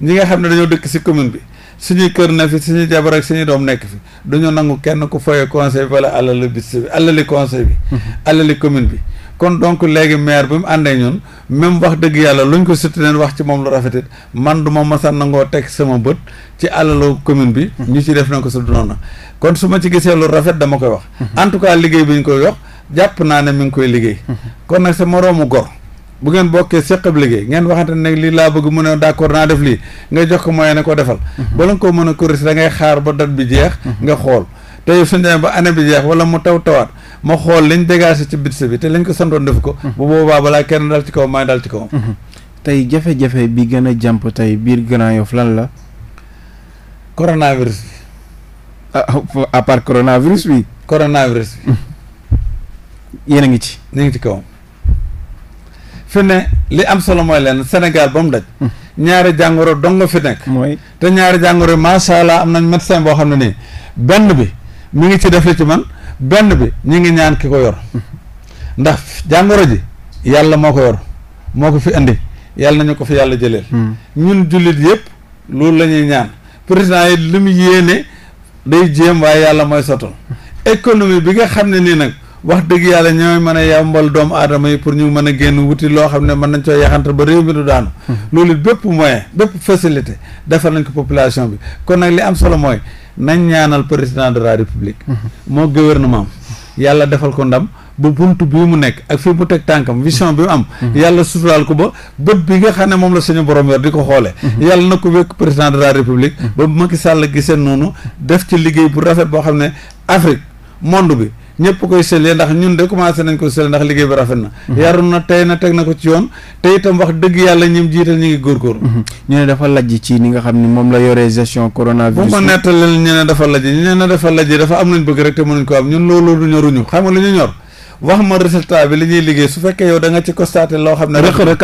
ñi nga xam ne dañoo dëkk si commune bi suñuy kër na fi suñuy jabar ak suñuy doom nekk fi duñu nangu kenn ku foye conseil bi wala alali bis bi alali conseil bi mhm. alali commune bi kon donc léegi maire bi mu àndee ñoon même wax dëgg yàlla luñ ko sotti neen wax ci moom lu rafetit man du ma masa nangoo teg sama bët ci alalu commune bi mhm. ñu ci def na ko su noonu kon su ma ci gisee lu rafet dama koy wax mhm. en tout cas liggéey bi ñu koy wax jàpp naa ne mi ngi koy liggéey kon nag sa moroomu bu ngeen bokkee seqab liggéey ngeen waxante ne lii laa bëgg mu ne d'accord naa def lii nga jox ko moyen ne ko defal mhm. bala nga ko mën a corriger da ngay xaar ba date bi jeex mhm. nga xool tey suñ ba année bi jeex wala mu taw tawaat ma xool liñ dégagé ci budget bi te liñ ko santoon def ko mhm. bu boobaa balaa kenn dal ci kaw maa dal ci kaw tey jafe-jafe bi gën a jàmp tey biir Grand Yoff lan la coronavirus bi ah, à part coronavirus bi coronavirus bi yéen a ngi ci ñu ngi ci kawam fi ne li am solo mooy leen Sénégal ba mu daj. Mm. ñaari jàngoro dong fi nekk. mooy te ñaari jàngoro yi macha allah am nañ médecin boo xam ne nii benn bi mu ngi ci def li ci man benn bi ñu ngi ñaan ki ko yor mm. ndax jàngoro ji yàlla moo ko yor moo ko fi indi yàlla nañu ko fi yàlla jëleel. Mm. ñun jullit yëpp loolu la ñuy ñaan président yi li mu yéene day jéem waaye yàlla mooy soto économie bi nga xam ne nii nag. wax dëgg yàlla ñooy mën a yembal doomu aadama yi pour ñu mën a génn wuti loo xam ne mën nañ coo yaxantal ba réew mi du daanu mhm. loolu bépp moyen bépp facilité defal nañ ko population bi kon nag li am solo mooy nañ ñaanal président de la république mhm. moo guvernement yàlla defal ko ndam bu bunt bii mu nekk ak fii mu teg tànkam vision bi am mhm. yàlla suturaal ko ba bët bi nga xam ne moom la suñu borom yor di ko xoolee yàlla na ko wekk président de la république ba Macky Sall gisee noonu def ci liggéey bu rafet boo xam ne Afrique monde bi ñëpp koy sëlee ndax ñun de commencé nañ ko sëlee ndax liggéey bi rafet na mhm. yaru na tey na teg na ko ci yoon te itam wax dëgg yàlla ñim jiital ñu ngi góorgóorlu mhm. ñu ne dafa lajj ci ni nga xam ne moom la yoree gestion coronavirus bu ma nettaleen ñu ne dafa lajj ñu ne dafa lajj am nañ bëgg rek te mënuñ ko am ñun loolu du ñoruñu xam nga lu ñu ñor wax ma résultat li ñuy liggéey su fekkee yow da nga ci constaté loo xam ne rëq-rëq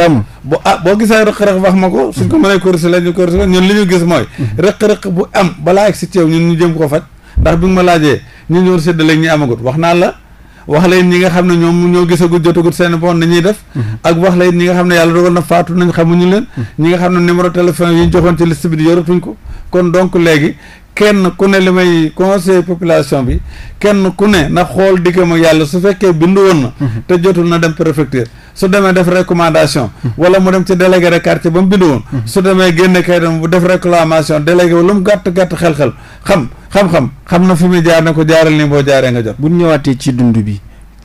ah gisee rëq wax ma ko suñ ko mënee corrigé la ñu corrigé ñun li ñu gis mooy mhm. rëq-rëq bu am balaa egg si teew ñun ñu jëm ko faj ndax bi ma laajee ñu ñëw séddale ñi amagut wax naa la wax la it ñi nga xam ne ñoom ñoo gisagut jotagut seen bon nañuy def mm-hmm. ak wax la it ñi nga xam ne yàlla dogal na faatu nañ xamuñu leen mm-hmm. ñi nga xam ne numéro téléphone yi ñu joxoon ci liste bi di yoratuñ ko kon donc léegi kenn ku ne li may conseil population bi kenn ku ne na xool diggam ak yàlla su fekkee bindu woon na mhm. te jotul na dem préfecture su demee def recommandation mhm. wala mu dem ci délégué de quartier ba mu bindu woon mhm. su demee génne kayitam bu def réclamation délégué lu mu gàtt-gàtt xel-xel xam xam-xam na fi muy jaar ne ko jaaral nii boo jaaree nga jot bu ñëwaatee ci dund bi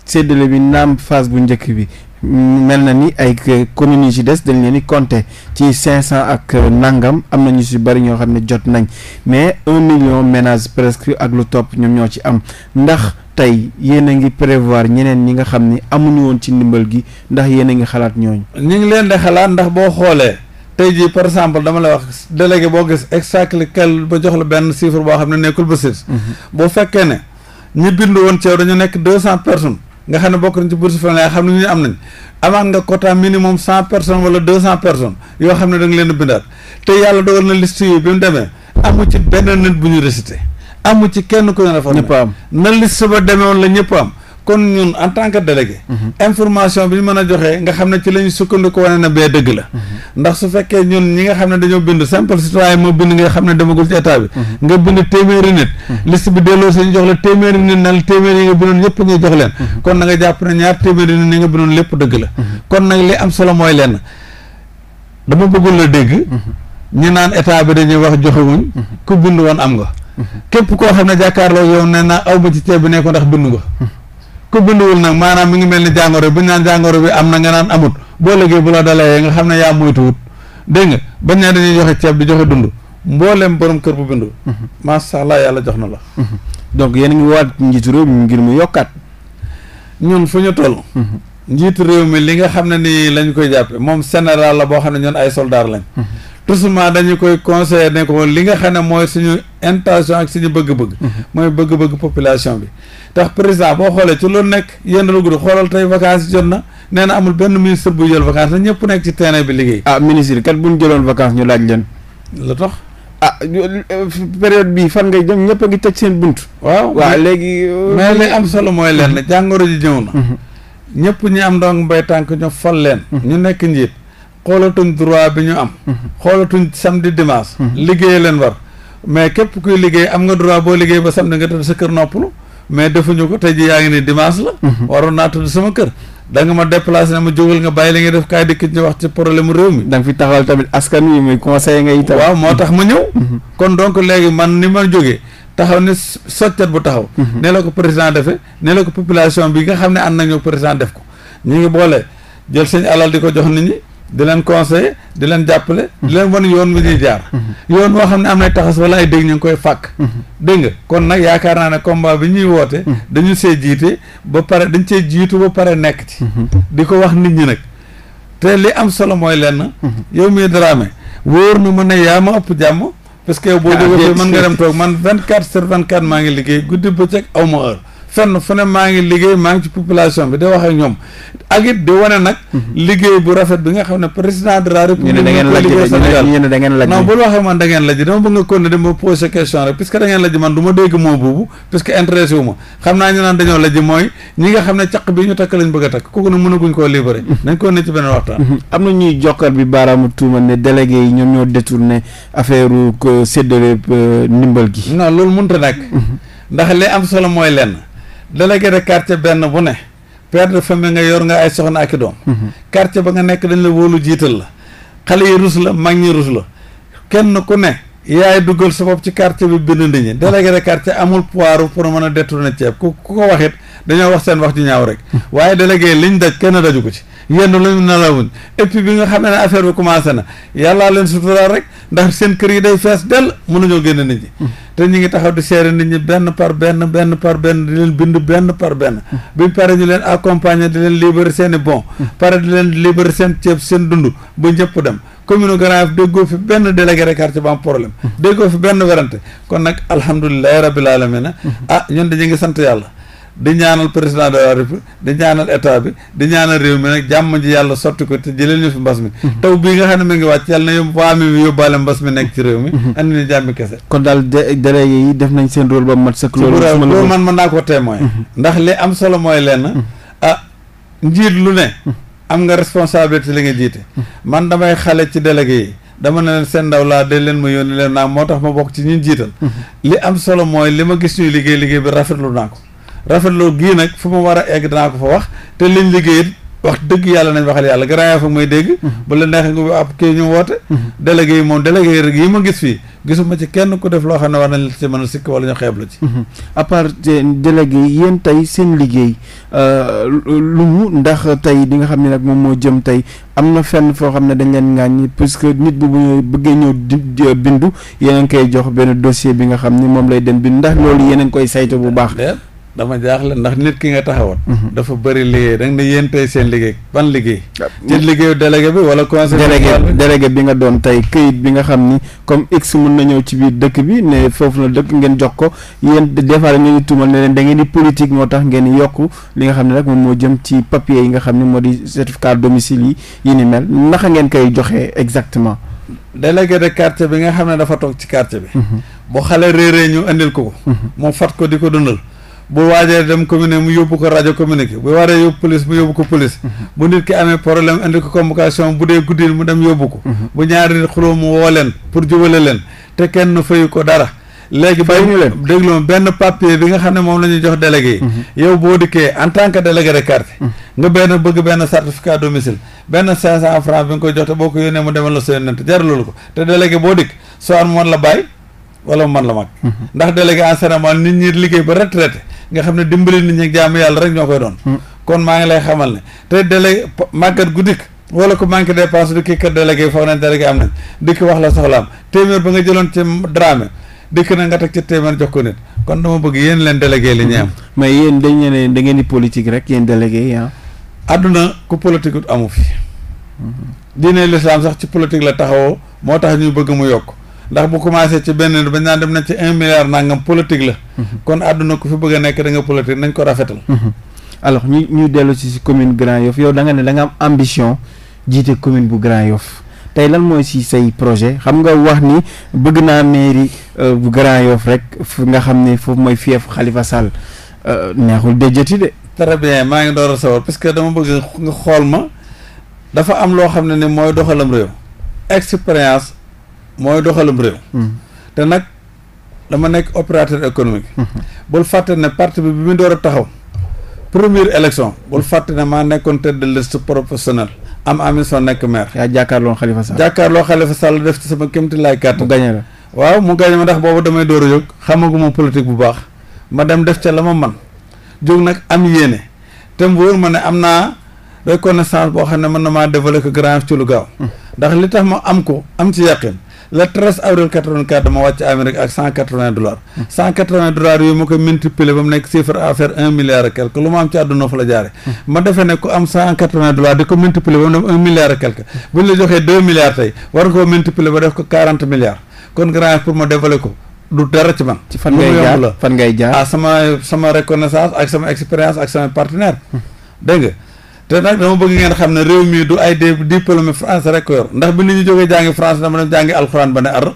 séddale bi naam phase bu njëkk bi mel na ni ay communes yu ci des dañ leen di compter ci cinq cent ak nangam am na ñu ci bari ñoo xam ne jot nañ mais un million ménage presque ak lu topp ñoom ñoo ci am ndax tey yéen a ngi prévoir ñeneen ñi nga xam ni amuñu woon ci ndimbal gi ndax yéen a ngi xalaat ñooñu. ñu ngi leen di xalaat ndax boo xoolee. tey ji par exemple dama lay wax délégué boo gis exactement ba jox la benn chiffre boo xam ne nekkul ba siis. Mhm. boo fekkee ne ñi bindu woon ceeb dañu nekk deux cent personnes. nga xam ne bokk nañ ci bourse familiale xam ne ñu am nañ amaat nga quota minimum cent personnes wala deux cent personnes yoo xam ne da leen a bindaat te yàlla dogal na liste yooyu bi mu demee amu ci benn nit bu ñu récité amu ci kenn ku ñu réformé ñëpp am na liste ba demewoon la ñëpp am kon ñun en tant que délégué. Mhm. information bi ñu mën a joxee nga xam ne ci la ñu sukkandiku wane na bee dëgg la. Mhm. ndax su fekkee ñun ñi nga xam ne dañoo bind simple citoyen moo bind nga xam ne demagul ci état bi. Mhm. nga bind téeméeri nit. liste bi delloo sa ñu jox la téeméeri nit na la téeméeri yi nga bindoon yëpp ñuy jox leen. kon na nga jàpp ne ñaar téeméeri nit yi nga bindoon lépp la. kon nag li am solo mooy lenn dama bëggul la dégg. ñu naan état bi dañuy wax joxewuñ ku bind woon am nga. képp koo xam ne jàkkaarloo yow nee naa aw ma ci ceeb bi nekkoon ndax bind nga. ku binduwul nag maanaam mi ngi mel ni jàngoro bi naan jàngoro bi am na nga naan amut boo léegi bu la dalee nga xam ne yaa moytuwut dégg nga bañ naa dañuy joxe ceeb di joxe dund mboolem boroom kër bu bindu. Mhm. macha allah yàlla jox na la. Mhm. donc yéen a ngi waat njiitu réew mi ngir mu yokkaat. ñun fu ñu toll. Mhm. njiitu réew mi li nga xam ne nii lañ koy jàppe moom général la boo xam ne ñoon ay soldaar lañ. tout simplement dañu koy conseillé ne ko li nga xam ne mooy suñu intention ak suñu bëgg-bëgg. Mhm. mooy bëgg-bëgg population bi. tax président boo xoolee ci loolu nekk yéen la gudd xoolal tey vacances yi jot na nee na amul benn ministre bu jël vacances na ñëpp nekk ci terrain bi liggéey. ah ministre kat bu ñu jëloon vacances ñu laaj leen. la tax. ah période bii fan ngay jëm ñëpp a ngi tëj seen bunt. waaw waaw léegi. Euh, mais li am solo mooy leen mhm. jàngoro ji ñëw na. Mhm. ñëpp ñi am donc mbay tànk ñu fal leen. ñu nekk njiit. xoolatuñ droit bi ñu am. Mhm. xoolatuñ samedi dimanche. Mhm. liggéey leen war mais képp kuy liggéey am nga droit boo liggéey ba samedi nga tëdd sa kër nopp lu mais defuñu ko tey ji yaa ngi ni dimanche la. Mhm. waroon naatu sama kër. da nga ma déplacé na ma jógal nga bàyyi li nga def kaay dikk ñu wax ci problème réew mi. da nga fi taxawal tamit askan wi muy ngay itam. moo tax ma ñëw. kon donc léegi man ni ma jógee. taxaw ne soccat bu taxaw. ne ko président defe ne la ko population bi nga xam ne ànd nañu président def ko. ñu ngi boole jël seen alal di ko jox nit ñi di leen conseiller di leen jàppale. di leen wan yoon mi ñuy jaar. yoon moo xam ne am na taxas wala ay dégg ñu ngi koy fàkk. dégg nga kon nag yaakaar naa ne combat bi ñuy woote. dañu see jiite ba pare dañ see jiitu ba pare nekk ci. di ko wax nit ñi nag. te li am solo mooy lenn. yow mii Dramé wóor na ma ne yaa ma ëpp jàmm. parce que boo jógee ah, fii mën nga dem toog man vingt quatre sur vingt maa ngi liggéey guddi bëccëg aw ma heure. fenn fu ne maa ngi liggéey maa ngi ci population bi di wax ak ñoom ak it di wane nag. Mhm. liggéey bu rafet bi nga xam ne président de la ñu ne da ngeen lajj ñu ngeen lajj non bul waxee man da ngeen lajj moo boobu puisque ne caq bi a takk kooku nag mënaguñ koo libéré. Mhm. nañ ko ne ci beneen waxtaan. Mhm. am na ñuy yi ñoom ñoo détourné affaire euh, séddale euh, ndimbal gi. non loolu mënut a nekk ndax li am solo mooy lenn délégué de quartier benn bu ne père de famille nga yor nga ay soxna ak i doom mhm. quartier ba nga nekk dañ la wóolu jiital la xale yi rus la mag ñi rus la kenn ku ne yaay duggal sa bopp ci quartier bi bind nit ñi délégué de quartier amul pouvoir pour mën a dettu na ceeb ku ku ko waxit dañoo wax seen wax ju ñaaw rek mhm. waaye délégué liñ daj kenn daju ko ci yenn lañu nalawuñ et puis bi nga xamee ne affaire bi commencé na yàllaa leen suturaal rek ndax seen kër yi day fees dell mënuñoo génn nit ñi hmm. te ñu ngi taxaw di seere nit ñi benn par benn benn par benn di leen bind benn par benn hmm. buñ pare ñu leen accompagner di leen libérer seen i bon hmm. pare di leen libérer seen ceeb seen dund ba ñëpp dem commune Grand Yoff déggoo fi benn délégué de quartier ba am problème déggoo fi benn werante kon nag alhamdulilahi rabbil alamina ah ñun dañu ngi sant yàlla di ñaanal président de la république di ñaanal état bi di ñaanal réew mi nag jàmm ji yàlla sotti ko te jëlee ñu fi mbas mi mhm. taw bii nga xam ne mi ngi wàcc yàlla na yóbbu waa mi yóbbaale mbas mi nekk ci réew mi mhm. andi na jàmmi kese kon daal délégué yi def nañ seen rôle ba mat sëkk loolu man mën naa ko témoin mhm. ndax li am solo mooy lenn ah njiit lu ne am nga responsabilité li nga jiite man damay xale ci délégué yi dama ne leen seen ndaw laa de leen ma yónni leen naa moo tax ma bokk ci ñun jiital li am solo mooy li ma gis ñuy liggéey liggéey bi rafetlu naa rafet rafetloo gii nag fu ma war a egg danaa ko fa wax te liñ liggéey wax dëgg yàlla nañ waxal yàlla garaaya fa mooy dégg mhm. bu la neexee nga ab kii ñu woote mhm. délégué yi moom ma gis fii gisuma ci kenn ku def loo xam ne war nañ la man mën a sikk wala ñu xeeb la ci mhm. à part délégué yéen tey seen liggéey euh, lu mu ndax tey di nga xam ni nag moom moo jëm tey am na fenn foo xam ne dañ leen ngaaññi puisque nit bu mu bëggee ñëw bindu yéen a ngi koy jox benn dossier bi nga xam ni moom lay dem bindu ndax loolu yéen koy saytu bu baax dama jaaxle ndax nit ki nga taxawoon. Mhm. dafa bëri liggéey da nga ne yéen tey seen liggéey ban liggéey. Ah, ci liggéeyu délégué bi wala conseil. délégué bi nga doon tey këyit bi nga xam ni comme x mun na ñëw ci biir dëkk bi ne foofu na dëkk ngeen jox ko yéen des fois ñu tuumal ne leen da ngeen di politique moo tax ngeen yokk li nga xam ne rek moom moo jëm ci papier yi nga xam ne moo di certificat domicile yi yi ni mel naka ngeen koy joxe exactement. délégué de quartier bi nga xam ne dafa toog ci quartier bi. Mhm. bu xale réeree ko ko. Mhm. di bu waajee dem commune mu yóbbu ko rajo communiqué bu waree yóbbu police mu yóbbu ko police mhm. bu nit ki amee problème indi ko convocation bu dee guddi mu dem yóbbu ko mhm. bu ñaari nit xuloo mu woo leen pour jubale leen te kenn fayu ko dara léegi ba déglu ma benn papier bi nga xam ne moom la ñuy jox délégué yi mhm. yow boo dikkee en tant que délégué de nga benn bëgg benn certificat domicile benn cinq cent franc bi nga koy jox te boo ko yónnee mu demal la sa yónnent ko te délégué boo dikk soo an moon la bàyyi wala man la mag ndax délégué en général nit ñi liggéey ba retraité nga xam ne dimbali nit ñi jàmm yàlla rek ñoo koy doon hmm. kon maa ngi lay xamal ne te délégué màggat gu dikk wala ko manqué dépense du kii kat délégué foog nañ délégué am nañ dikk wax la soxlaam téeméer ba nga jëloon ci dramé dikk na nga teg ci téeméer jox ko nit kon dama bëgg yéen leen délégué li ñu am hmm. mais yéen dañ ne da ngeen di politique rek yéen délégué ya ah. àdduna ku politique amu fii hmm. diine l'islam sax ci politique la taxawoo moo tax ñu bëgg mu yokk ndax bu commencé ci benn bañ naan dem nañ ci un milliard nangam politique la. Mhm. kon àdduna ko fi bëgg a nekk da nga politique nañ ko rafetal. Mhm. alors ñu ñu dellu si si commune Grand Yoff yow da nga ne da am ambition jiite commune bu Grand Yoff tey lan mooy si say projet xam nga wax ni bëgg naa mairie euh, bu Grand Yoff rek nga xam ne foofu mooy fief Khalifa Sall euh, neexul déjati de. très bien maa ngi door a parce que dama bëgg nga xool ma dafa am loo xam ne ni mooy doxalam réew mooy doxalum réew. Hmm. te nag dama nekk opérateur économique. Hmm. bul fàtte ne part bi bi muy door a taxaw. première élection bul fàtte ne maa nekkoon tête de liste professionnelle am amin soo nekk maire. yaa jàkkaarloo Khalifa Sall. jàkkaarloo Khalifa Sall def ci sama kéemti laay kàtt. mu gagné la waaw mu gagné ma ndax boobu damay door a jóg. xamaguma politique bu baax ma dem def ca la ma man jóg nag am yéene te mu wóor ma ne am naa reconnaissance boo xam ne mën na maa développer grand ci lu hmm. ndax li tax ma am ko am ci yàqin. le treize avril quatre vingt quatre dama wàcc Amérique ak cent quatre vingt dollars. yooyu ma ko multiplier ba mu nekk chiffre affaire un milliard et lu ma am ci àdduna fa la jaare ma defee ne ku am cent quatre vingt dollars di ko multiplier ba mu nekk un milliard et quelque. bu ñu la joxee deux milliards tey war nga koo multiplier ba def ko quarante kon grand pour ah, sama reconnaissance ak sama expérience ak sama partenaire. Hmm. dégg nga te nag dama bëgg ngeen xam ne réew mi du ay des diplôme français ko yor ndax bi nit ñu jógee jàngi français dama dem jàngi alxuraan ba ne ar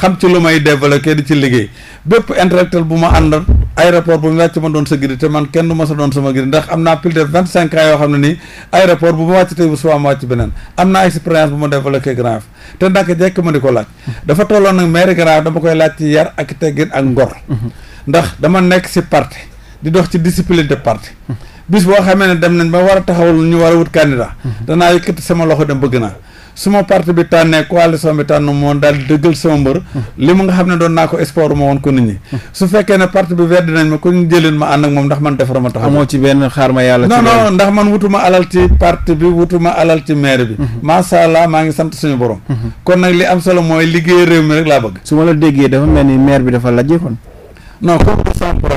xam ci lu may développé di ci liggéey bépp intellectuel bu ma àndal aéroport bu mu wàcc ma doon sa giri te man kenn du ma sa doon sama giri ndax am naa plus de vingt cinq ans yoo xam ne nii aéroport bu ma wàcc tey bu suba ma wàcc beneen am naa expérience bu ma développé Grand Yoff te ndaka jekk ma di ko laaj dafa tolloon nag maire Grand Yoff dama koy laaj ci yar ak teggin ak ngor mhm. ndax dama nekk si parti di dox ci discipline de parti bis boo xamee ne dem nañ ba war a taxawal ñu war a wut candidat mhm. danaa yëkkati sama loxo dem bëgg naa su ma parti bi tànnee coalition bi tànn moom daal di dëggal sama mbër mhm. li mu nga xam ne doon naa ko espoir ma woon ko nit ñi mhm. su fekkee ne parti bi wedd nañ ma ku ñu jëleen ma ànd ak moom ndax man defar ma taxaw amoo ci benn xaar ma yàlla non non ndax man wutuma alal ci parti bi wutuma alal ci maire bi macha allah maa ngi sant suñu borom kon nag li am solo mooy liggéey réew mi rek laa bëgg su ma la déggee dafa mel ni maire bi dafa lajjee kon non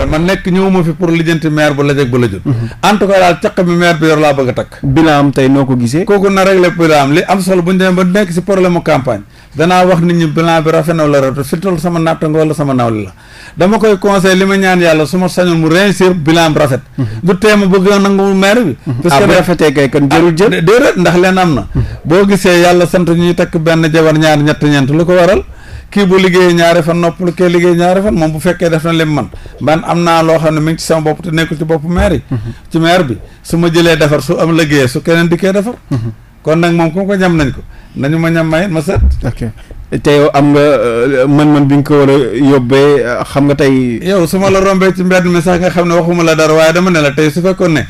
ma nekk ñëwuma fi pour lijjanti maire bu la jeg ba la jot mhm. en tout cas daal caq bi maire bi yor laa bëgg a takk bilan am tey noo ko gisee kooku na réglé bilan am li am solo bu ñu demee ba nekk si problème campagne danaa wax nit rafet na wala rafet fi toll sama nattangoo wala sama nawle la dama koy conseil li ma ñaan yàlla su ma sañoon mu réussir bilan bi rafet mhm. du tee ma bëgg a nangu maire bi mhm. parce ah, que rafetee kay kan jërul jël ndax leen am na boo gisee yàlla sant ñuy takk benn jabar ñaar ñett ñeent lu ko waral kii bu liggéeyee ñaari fan nopp lu kee liggéey ñaari fan moom bu fekkee def na lim man man am naa loo xam ne mi ngi ci sama bopp te nekkul ci bopp maire yi mhm. ci maire bi su ma jëlee defar su am liggéeyee su keneen di kee defar mhm. kon nag moom comme ko ñam nañ ko nañu ma ñam mayit ma set ok te am nga euh, mën-mën bi nga ko war a yóbbee euh, xam nga tey yow su ma la rombee ci mbedd mi sax nga xam ne waxuma la dara waaye dama ne la tey su fekkoon ne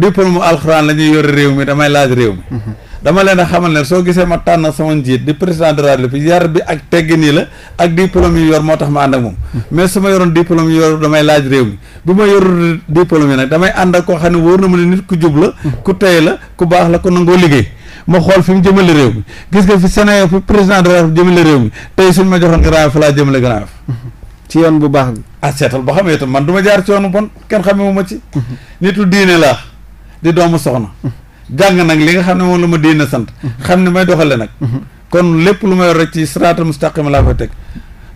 diplôme mu alxuraan la ñuy yore réew mi damay laaj réew mi mhm. dama leen a xamal ne soo gisee ma tànn sama njiit di président de la République yar bi ak teggin yi la ak diplôme yi yor moo tax ma ànd ak moom mais su ma yoroon diplôme yi yor damay laaj réew bu ma yorul diplôme yi nag damay ànd ak koo xam ne wóor na mu ne nit ku jub la ku tey la ku baax la ku nangoo liggéey ma xool fi mu jëmale réew mi gis nga fi Sénégal fi président de la République jëmale réew mi tey suñ ma joxoon Grand Yoff fa laa jëmale Grand Yoff ci yoon bu baax bi ah seetal ba xamee itam man du ma jaar ci yoonu bon kenn xamee mu ma ci nitu diine laa di doomu soxna jàng nag li nga xam ne moom la ma diina sant xam ne may doxale nag kon lépp lu ma yor rek ci siraatal mustaqim laa koy teg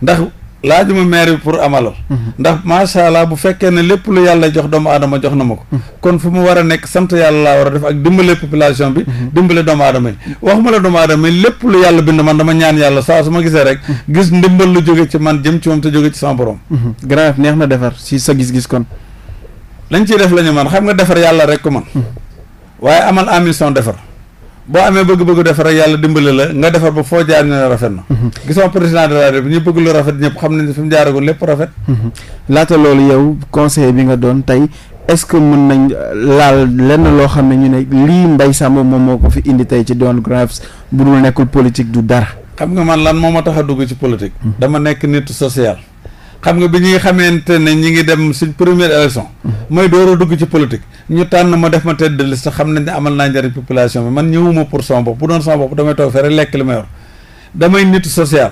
ndax laajuma maire bi pour amalal ndax macha allah bu fekkee ne lépp lu yàlla jox doomu aadama jox na ma ko kon fu mu war a nekk sant yàlla laa war a def ak dimbale population bi dimbale doomu adama yi ma la doomu aadama yi lépp lu yàlla bind man dama ñaan yàlla saa su ma gisee rek gis ndimbal lu jóge ci man jëm ci moom te ci sama borom grave neex na defar si sa gis-gis kon lañ ciy def la ñu man xam nga defar yàlla rek ko man waaye amal ambition defar boo amee bëgg-bëgg defar rek yàlla dimbali la nga defar ba foo jaar ñu ne rafet na. Mhm. gisuma président de la République ñu bëgg lu rafet ñëpp xam nañ fi mu jaaragul lépp rafet. Mhm. laata loolu yow conseiller bi nga doon tey est-ce que mën nañ euh, laal lenn loo xam ne ñu ne lii Mbaye Samb moom moo ko fi indi tey ci doon grave bu dul nekkul politique du dara. xam nga man lan moo ma tax a dugg ci politique. Mhm. dama nekk nitu social. xam nga bi ñi nga xamante ne ñu ngi dem suñ première élection mooy door a dugg ci politique ñu tànn ma def ma tête de liste xam nañ ne amal naa njëriñ population bi man ñëwuma pour sama bopp bu doon sama bopp damay toog fere lekk li ma yor damay nit social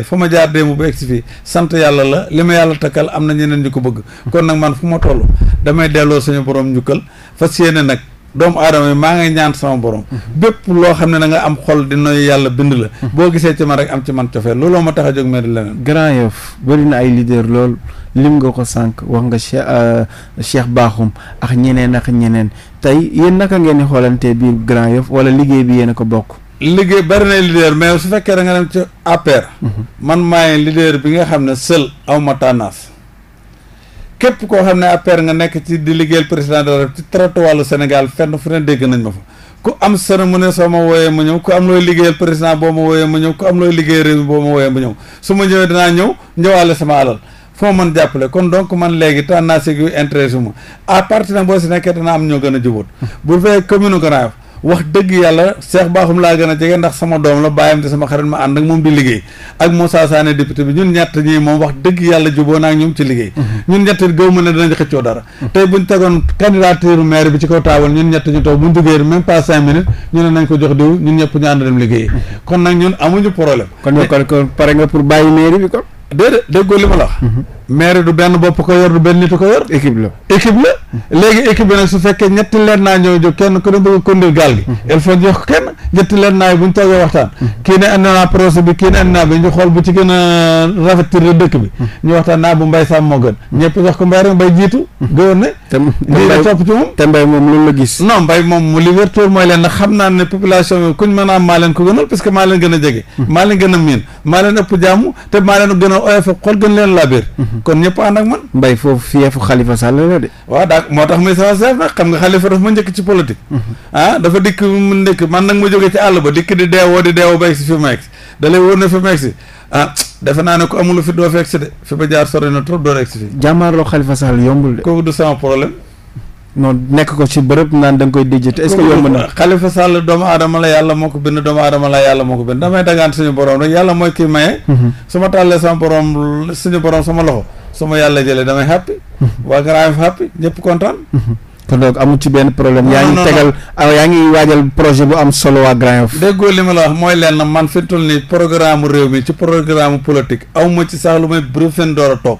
waaye ma jaar démb ba si fii sant yàlla la li ma yàlla takkal am na ñeneen ñu ko bëgg kon nag man fu ma toll damay delloo suñu borom njukkal fas yéene nag doomu aadama yi maa ngi ñaan sama borom mhm. bépp loo xam ne da nga am xol di noy yàlla bind la mhm. boo gisee ci man rek am ci man cofee looloo ma tax a jóg mais di leneen Grand Yoff bëri na ay leader lool lim nga ko sànq wax nga euh, Cheikh baaxum Bakhoum ak ñeneen ak ñeneen tey yéen naka ngeen di xoolantee biir Grand Yoff wala liggéey bi yéen a ko bokk liggéey bari na leader mais su fekkee danga nga dem ci APR. Mhm. man maay leader bi nga xam ne seul aw ma tànnaas képp koo xam ne APR nga nekk ci di liggéeyal président de la République ci traité wàllu Sénégal fenn fu ne dégg nañ ma fa ku am sën mu ne soo ma wooyee ma ñëw ku am looy liggéeyal président boo ma wooyee ma ñëw ku am looy liggéey réew mi boo ma wooyee ma ñëw su ma ñëwee dinaa ñëw ñëwaale sama alal foo man jàppale kon donc man léegi tànnaas yi intéressé ma à partir boo si nekkee dana am ñoo gën a jubóot mhm. bu fekkee commune wax dëgg yàlla Cheikh Bakhoum laa gën a jege ndax sama doom la bàyyam te sama xarit ma ànd ak moom di liggéey ak Moussa Sané député bi ñun ñett ñi moom wax dëgg yàlla juboo naa ak ñoom ci liggéey mhm. ñun ñett gaw ma ne danañ xëccoo dara mhm. tey buñ tegoon candidature maire bi ci kaw taabal ñun ñett ñu toog bu duggee même pas cinq minutes ñu ne nañ ko jox diw ñun ñëpp ñu ànd dem liggéey mhm. kon nag ñun amuñu problème kon kon pare nga pour bàyyi maire bi kon déedéet déggoo li ma la wax maire du benn bopp ko yor du benn nitu ko yor. équipe la équipe la. léegi équipe bi su fekkee ñetti leen naa ñëw jóg kenn ku ne bëgg a kondir gaal gi. Mhm. il faut ñu jox ko kenn ñetti leen naa yi bu ñu toogee waxtaan. Mhm. kii ne andi naa projet bi kii ne andi naa bi ñu xool bu ci gën a rafetir dëkk bi. Mhm. ñu waxtaan naa bu mbay sàmm moo gën. ñëpp jox ko mbay rek mbay jiitu. gëwoon ne. te mbay lii topp ci moom te mbay moom loolu la gis. non mbay moom li wér tóor mooy leen nag xam naa ne population bi a am maa leen ko gënal parce que maa leen gën a jege. maa leen miin maa leen ëpp te maa leen gën a oyof xol gën leen laa kon ñëpp ànd ak man. mbay foofu fiefu xalifa Sall la de. waaw daa moo tax muy sama seef nag xam nga xalifa dafa ma njëkk ci politique. Mhm. ah dafa dikk mu nekk man nag ma jógee ci àll ba dikk di deewoo di deewoo beeg si fi ma egg si da lay wóor ne fi ma egg ah defe naa ne ko amulu fi doo fekk si de fi ma jaar sori na trop doo egg si fii. jàmmaarloo xalifa Sall yombul de. kooku du sama problème. non nekk ko si bërëb naan da nga koy dijjate est-ce que yomb na Khalifa Sall doomu aadama la yàlla moo ko bind doomu adama la yàlla moo ko bind damay dagaan suñu borom rek yàlla mooy kii maye mhm. su ma tàllee sama borom suñu borom sama loxo su ma yàlla jëlee damay happy mhm. waa Grand Yoff happy ñëpp kontaan mhm. kon donc amul ci benn problème yaa ngi tegal ah, yaa ngi waajal projet bu am solo waa Grand déggoo li ma la wax mooy lenn man fi tul ni réew mi ci programme politique aw ma ci sax lu may briefing door a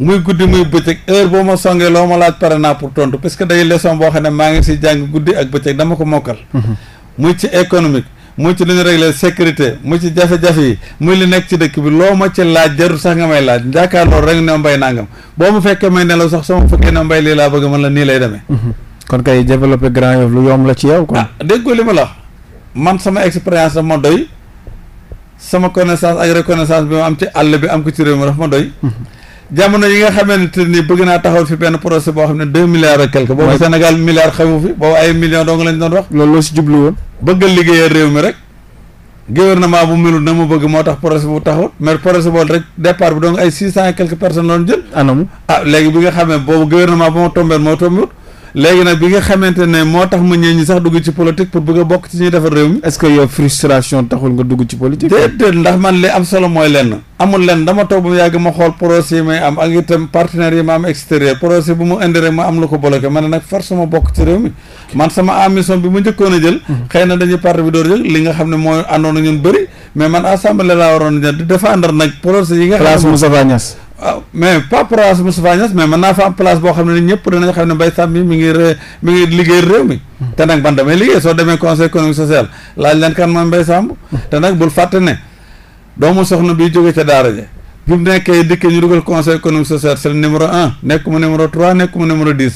muy guddi muy bëccëg heure boo ma songee loo ma laaj pare naa pour tontu parce que day leçon boo xam ne maa ngi si jàng guddi ak bëccëg dama ko mokkal. Mhm. muy ci économique muy ci lu ñu réglé sécurité muy ci jafe-jafe yi muy li nekk ci dëkk bi loo ma ci laaj jarul sax nga may laaj jàkkaarloo rek ne mbay nangam boo ma fekkee may nelaw sax soo ma fekkee mbay lii laa bëgg man la nii lay deme mhm. kon kay développé Grand Yoff lu yomb la ci yow. ah dégg li ma la man sama expérience daf ma doy sama connaissance ak reconnaissance bi ma am ci àll bi am ko ci réew mi daf ma doy. Mhm. jamono yi nga xamante ni bëgg naa taxaw fi benn projet boo xam ne deux milliards ak quelque boobu Sénégal milliards xewu fi boobu ay millions dong lañ doon wax loolu loo si jublu woon bëgg liggéeyee réew mi rek gouvernement bu melul na mu bëgg moo tax projet bu taxawut mais projet boobu rek départ bi donc ay six cent et quelques personnes loon jël anamu ah léegi bi nga xamee boobu gouvernement bu ma tombeel moo tombewut léegi nag bi nga xamante ne moo tax ma ñëw ñi sax dugg ci politique pour bëgg a bokk ci ñuy defar réew mi. est-ce que yow frustration taxul nga dugg ci politique. déedéet ndax man li am solo mooy lenn. amul lenn dama toog ba mu yàgg ma xool projet yi may am ak itam partenaires yi ma am extérieur projet bu mu indi rek ma am la ko bloqué ma ne nag force ma bokk ci réew mi man sama ambition bi ma njëkkoon a jël. Mhm. xëy na dañuy parti bi door jël li nga xam ne mooy àndoon na ñun bëri mais man assemblée laa waroon a jël di défendre nag projet yi nga. xam waaw ah, mais pas place Moustapha Niass mais mën naa fa am place boo xam ne ñëpp danañ xam ne Mbaye Samb mi ngi mi ngi liggéey réew mi. te nag man damay liggéey soo demee conseil économique social laaj leen kan mooy Mbaye Samb. te nag bul fàtte ne doo mu soxna bi jóge ca daara ja bu nekkee dikkee ñu dugal conseil économique social c'est le numéro un nekk mu numéro trois nekk mu numéro dix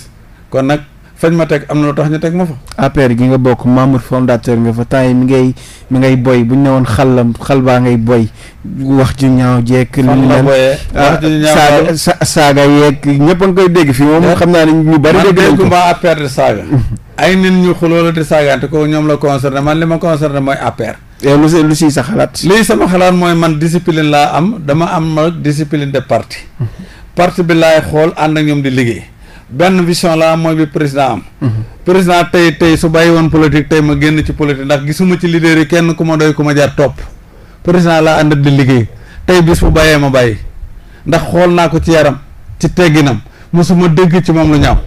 kon nag. fañ ma teg am na lu tax ñu teg ma fa. APR gi nga bokk membre fondateur nga fa temps yi mi ngay mi ngay boy bu ñu ne xal la xal baa ngay boy wax ju ñaaw jekk. li ñu leen saaga saaga yeeg ñëpp a ngi koy dégg fii moom xam naa ne ñu bari. dégg nañ ko man dégguma APR di saaga. ay nit ñu xuloo la di saagaante ko ñoom la concerné man li ma concerné mooy APR. yow lu si lu siy sa xalaat. lii sama xalaat mooy man discipline laa am dama am nag discipline de parti. parti bi laay xool ànd ñoom di liggéey. benn vision la mooy bi président am. président tey tey su bàyyi woon politique tey ma génn ci politique ndax gisuma ci leader yi kenn ku ma doy ku ma jaar topp président laa ànd di liggéey tey bis bu bàyyee ma bàyyi ndax xool naa ko ci yaram ci tegginam mosuma dégg ci moom lu ñaaw.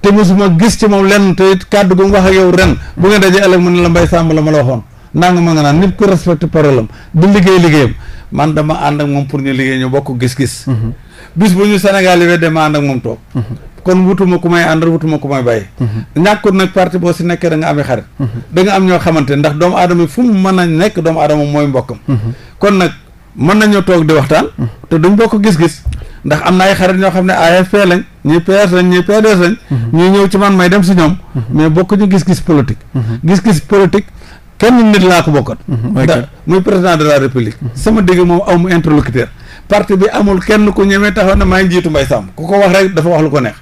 te mosuma gis ci moom lenn te kàddu gu mu wax ak yow ren. bu nga dajee ëllëg mu la mbay sàmb la ma la waxoon. nanga ma nga naan nit ku respecté parole am di liggéey liggéeyam man dama ànd ak moom pour ñu liggéey ñu bokk gis-gis. Mhm. bis bu ñu Sénégal yi weddee ma ànd ak moom toog. Mhm. kon wutuma ku may àndal wutuma ku may bàyyi mhm. ñàkkut nag parti boo si nekkee da nga amee xarit mhm. da nga am ñoo xamante ndax doomu aadama fu mu mën a nekk doomu aadama mooy mbokkam mhm. kon nag mën nañoo toog di waxtaan te duñ bokk gis-gis ndax am na ay xarit ñoo xam ne AFP lañ ñii PS lañ ñii PDS lañ ñuy ñëw ci man may dem si ñoom mais bokkuñu gis-gis politique gis-gis politique kenn nit laa ko bokkat muy président de la république sama dégg moom aw mu interlocuteur parti bi amul kenn ku ñemee tax ne maa ngi jiitu Mbaye Samb ku ko wax rek dafa wax lu ko neex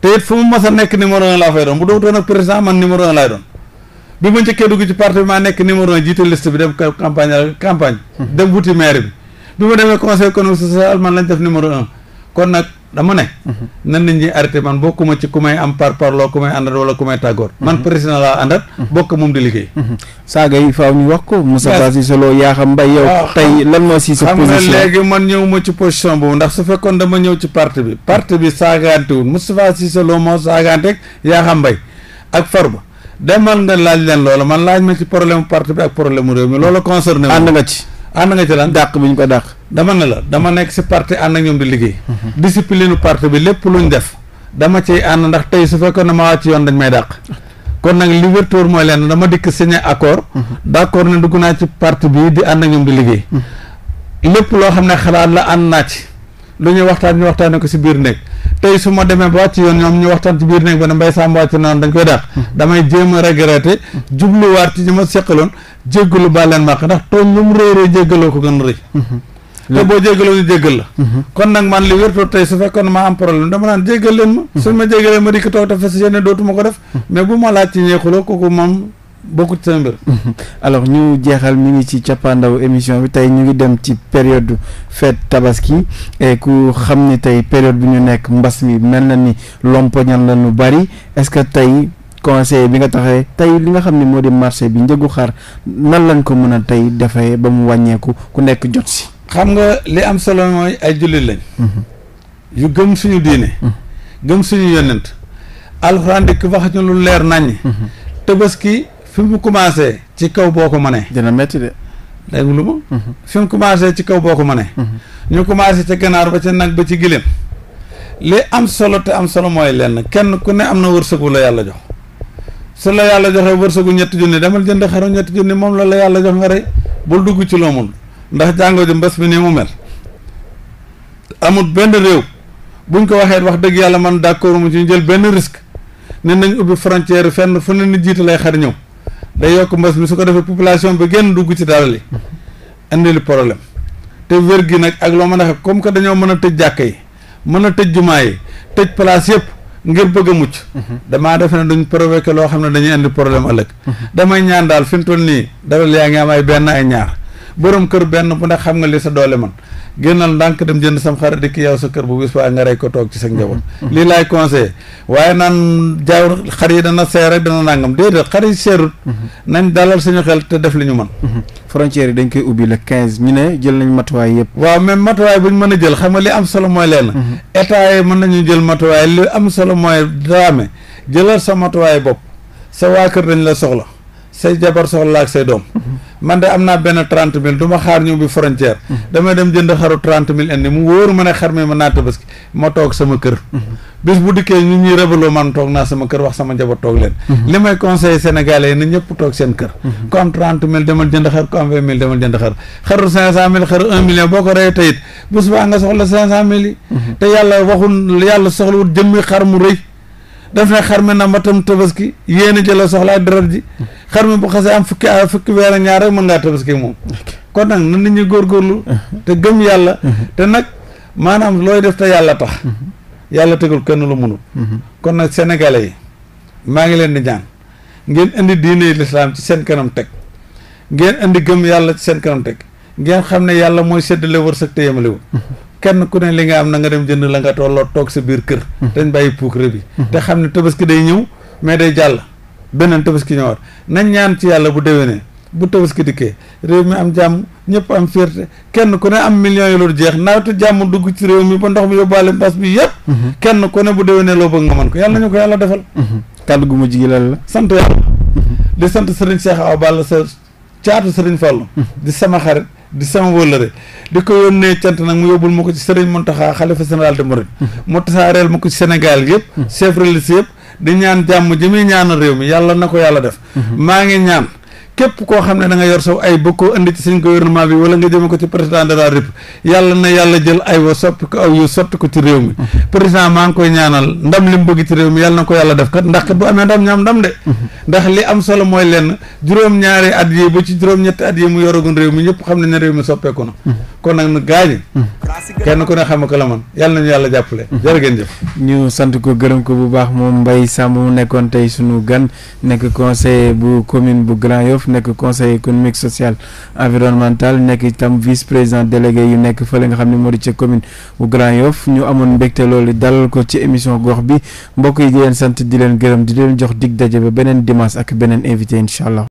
te it fu mu mas a nekk numéro un laa fay doon bu dootoon ak président man numéro laay doon bi ma njëkkee dugg ci parti bi maa nekk numéro un jiite liste bi dem campagne campagne hmm. dem wuti maire bi bi ma demee conseil économique social man lañ def numéro un kon nag dama ne. nan nit ñi arrêté man bokkuma ci ku may am par parloo ku may àndat wala ku may tàggoor. Mhm. man président laa àndat. Mhm. bokk moom di liggéey. Mhm. saaga yi faaw ñu wax ko. Moustapha Cissé Lo yaa xam mbay yow. tey lan moo si sa position xam nga ma ci position boobu ndax su fekkoon dama ñëw ci parti bi part bi saagaantewul Moustapha Cissé Lo moo saagaanteeg yaa xam mbay ak Farba. demal nga laaj leen loolu man laaj ma ci problème parti bi ak problème mu réew mi loola concerné. ànd nga ci. ànd nga ci lan dàq bi ñu ko dàq. dama ne la dama nekk si parti ànd ak ñoom di liggéey. Mhm. discipline parti bi lépp luñ def. dama ciy ànd ndax tey su fekkee ne ma wàcc yoon dañ may dàq. kon nag li wértóor mooy lenn dama dikk signé accord. Mhm. d' accord ne dugg naa ci parti bii di ànd ak ñoom di liggéey. Mhm. lépp loo xam ne xalaat la ànd naa ci. lu ñu waxtaan ñu waxtaanee ko si biir nekk. tey su ma demee ba wàcc yoon ñoom ñu waxtaan ci biir néeg ba ne mbay saam wàcc noonu dañ koy dàq damay jéem a regretté jubluwaat ci ñi ma seqaloon jéggalu baa leen màq ndax tooñ lu mu rëy rëy jéggaloo ko gën a rëy te boo jéggaloo ñu jéggal la kon nag man li wértoo tey su fekkoon ma am problème dama naan jéggal leen ma suñ ma jéggalee ma dikk toog te fas yéene dootuma ko def mais bu ma laaj ci ñeexuloo kooku moom bokkut sa mbir. alors ñu jeexal mi ngi ci cappaandaw émission bi tey ñu ngi dem ci période fête tabaski et ku xam ni tey période bi ñu nekk mbas mi mel na ni lompoñan la ñu bari est-ce que tey conseil bi nga taxee tey li nga xam ni moo di marché bi njëgu xar nan lañ ko mën a tey defee ba mu wàññeeku ku nekk jot si. xam nga li am solo mooy ay jullit lañ. Mhm. yu gëm suñu diine. Mhm. gëm suñu yonent alxuraan wax ñu lu leer naññ. Mhm. tabaski. fi mu commencé ci kaw boo ko mënee. dina métti de. day wulu ma. Mhm. fi mu commencé ci kaw boo ko mënee. Mhm. ñu commencé ca ganaar ba ca nag ba ci gileem. li am solo te am solo mooy lenn kenn ku ne am na wërsëgu la yàlla jox su la yàlla joxee wërsëgu ñetti junni demal jënd xaru ñetti junni moom la la yàlla jox nga rey bul dugg ci loomul ndax jàngoo ji mbas mi ni mu mel amul benn réew buñ ko waxee wax dëgg yàlla man d'accord mu ci jël benn risque ne nañ ubbi frontière fenn fu ne ni lay xar ñëw day yokk mbas mi su ko defee population bi génn dugg ci dara li indi li problème te wér gi nag ak loo mën a xam comme que dañoo mën a tëj jàkka yi mën a tëj jumaa yi tëj place yëpp ngir bëgg a mucc mhm. damaa defe ne duñ provoqué loo xam ne dañuy indi problème ëllëg mhm. damay ñaan daal fi mu nii dara yaa ngi am ay benn ay ñaar borom kër benn bu ne xam nga li sa doole man génnal ndànk dem jënd sam xar dikk yow sa kër bu bis baa nga rey ko toog ci sa njaboot mm-hmm. lii laay conseillé waaye naan jaaw xar yi dana seer rek dana nangam déedéet xar yi seerut mm-hmm. nañ dalal sañu xel te def li ñu man mm-hmm. frontière yi dañ koy ubbi le quinze ñu ne jël nañu matuwaay yëpp waaw même matuwaay bu ñu mën a jël xam nga li am solo mooy leen état yi mën nañu jël matuwaay li am solo mooy daame jëlal sa matuwaay bopp sa waa kër dañ la say jabar soxla ak say doom. man de am naa benn trente mille du xaar ñu bi frontière. damay dem jënd xaru trente mille indi mu wóor ma ne xar mi ma naa tabaski ma toog sama kër. bis bu dikkee ñu ñuy rebaloo toog naa sama kër wax sama njaboot toog leen. li may conseillé sénégalais yi na ñëpp toog seen kër. ku am trente mille demal jënd xar ku am vingt mille demal jënd xar xaru cinq cent mille xaru un million boo ko rey tayit bu subaa nga soxla cinq cent daf ne xar mi na mbatam tabaski yéen a jëla soxlaa deret ji hmm. xar mi bu xasee am fukki a fukki weer a ñaar rek mën ngaa tabaski moom kon nag na nit ñi góorlu hmm. te gëm yàlla hmm. te nag maanaam looy def te yàlla tax yàlla tegul kenn lu munul kon nag sénégalais yi maa ngi leen di ñaan ngeen indi diine lislaam ci seen kanam teg ngeen indi gëm yàlla ci seen kanam teg ngeen xam ne yàlla mooy séddale wërsëg te yemalewul kenn ku ne li nga am na nga dem jënd la nga tolloo toog sa biir kër hmm. dañ bàyyi puukare bi hmm. te xam ne ki day ñëw mais day jàll beneen tabaski ñëwaat nañ ñaan ci yàlla bu ne bu tabaski dikkee réew mi am jàmm ñëpp am fierté kenn ku ne am millions yi loolu jeex nawetu jàmm dugg ci réew mi ba ndox mi yóbbaale mbas bi yëpp hmm. kenn ku ne bu déwénee loo bëgg nga mën ko yàlla nañu ko yàlla defal kàddu gu ma gi lan la sant yàlla di sant Serigne Cheikh Awa Balla sa caatu Serigne di sama xarit di sama wóllëre di ko yónnee cant nag mu yóbbul ma ko ci Serigne Mountakha xalifa général de Mouride mm-hmm. mu tasaareel ma ko ci Sénégal yëpp mm-hmm. chef religieux yëpp di ñaan jàmm ji muy ñaanal réew mi yàlla na ko yàlla def mm-hmm. maa ngi ñaan képp koo xam ne da nga yor saw ay bëgg koo indi ci suñ gouvernement bi wala nga jëme ko ci président de la république yàlla na yàlla jël ay wa soppi ko aw yu soppi ko ci réew mi président maa ngi koy ñaanal ndam li mu bëgg ci réew mi yàlla na ko yàlla def kat ndax kat bu amee ndam ñaam ndam de ndax li am solo mooy lenn juróom-ñaari at yi ba ci juróom-ñetti at yi mu yoragun réew mi ñëpp xam nañ ne réew mi soppeeku na kon nag na gaañi kenn ku ne xam ko la man yàlla yàlla jàppale jërë ngeen jëf ñu ko gërëm ko bu baax moom Mbaye Samb nekkoon tey sunu gan nekk conseiller bu commune bu Grand Yoff nekk conseil économique social environnemental nekk itam vice président délégué yu nekk fële nga xam ne moo di ca commune bu Grand Yoff ñu amoon mbégte lool dalal ko ci émission gox bi mbokk yi di leen sant di leen gërëm di leen jox dig daje ba beneen dimanche ak beneen invité incha allah.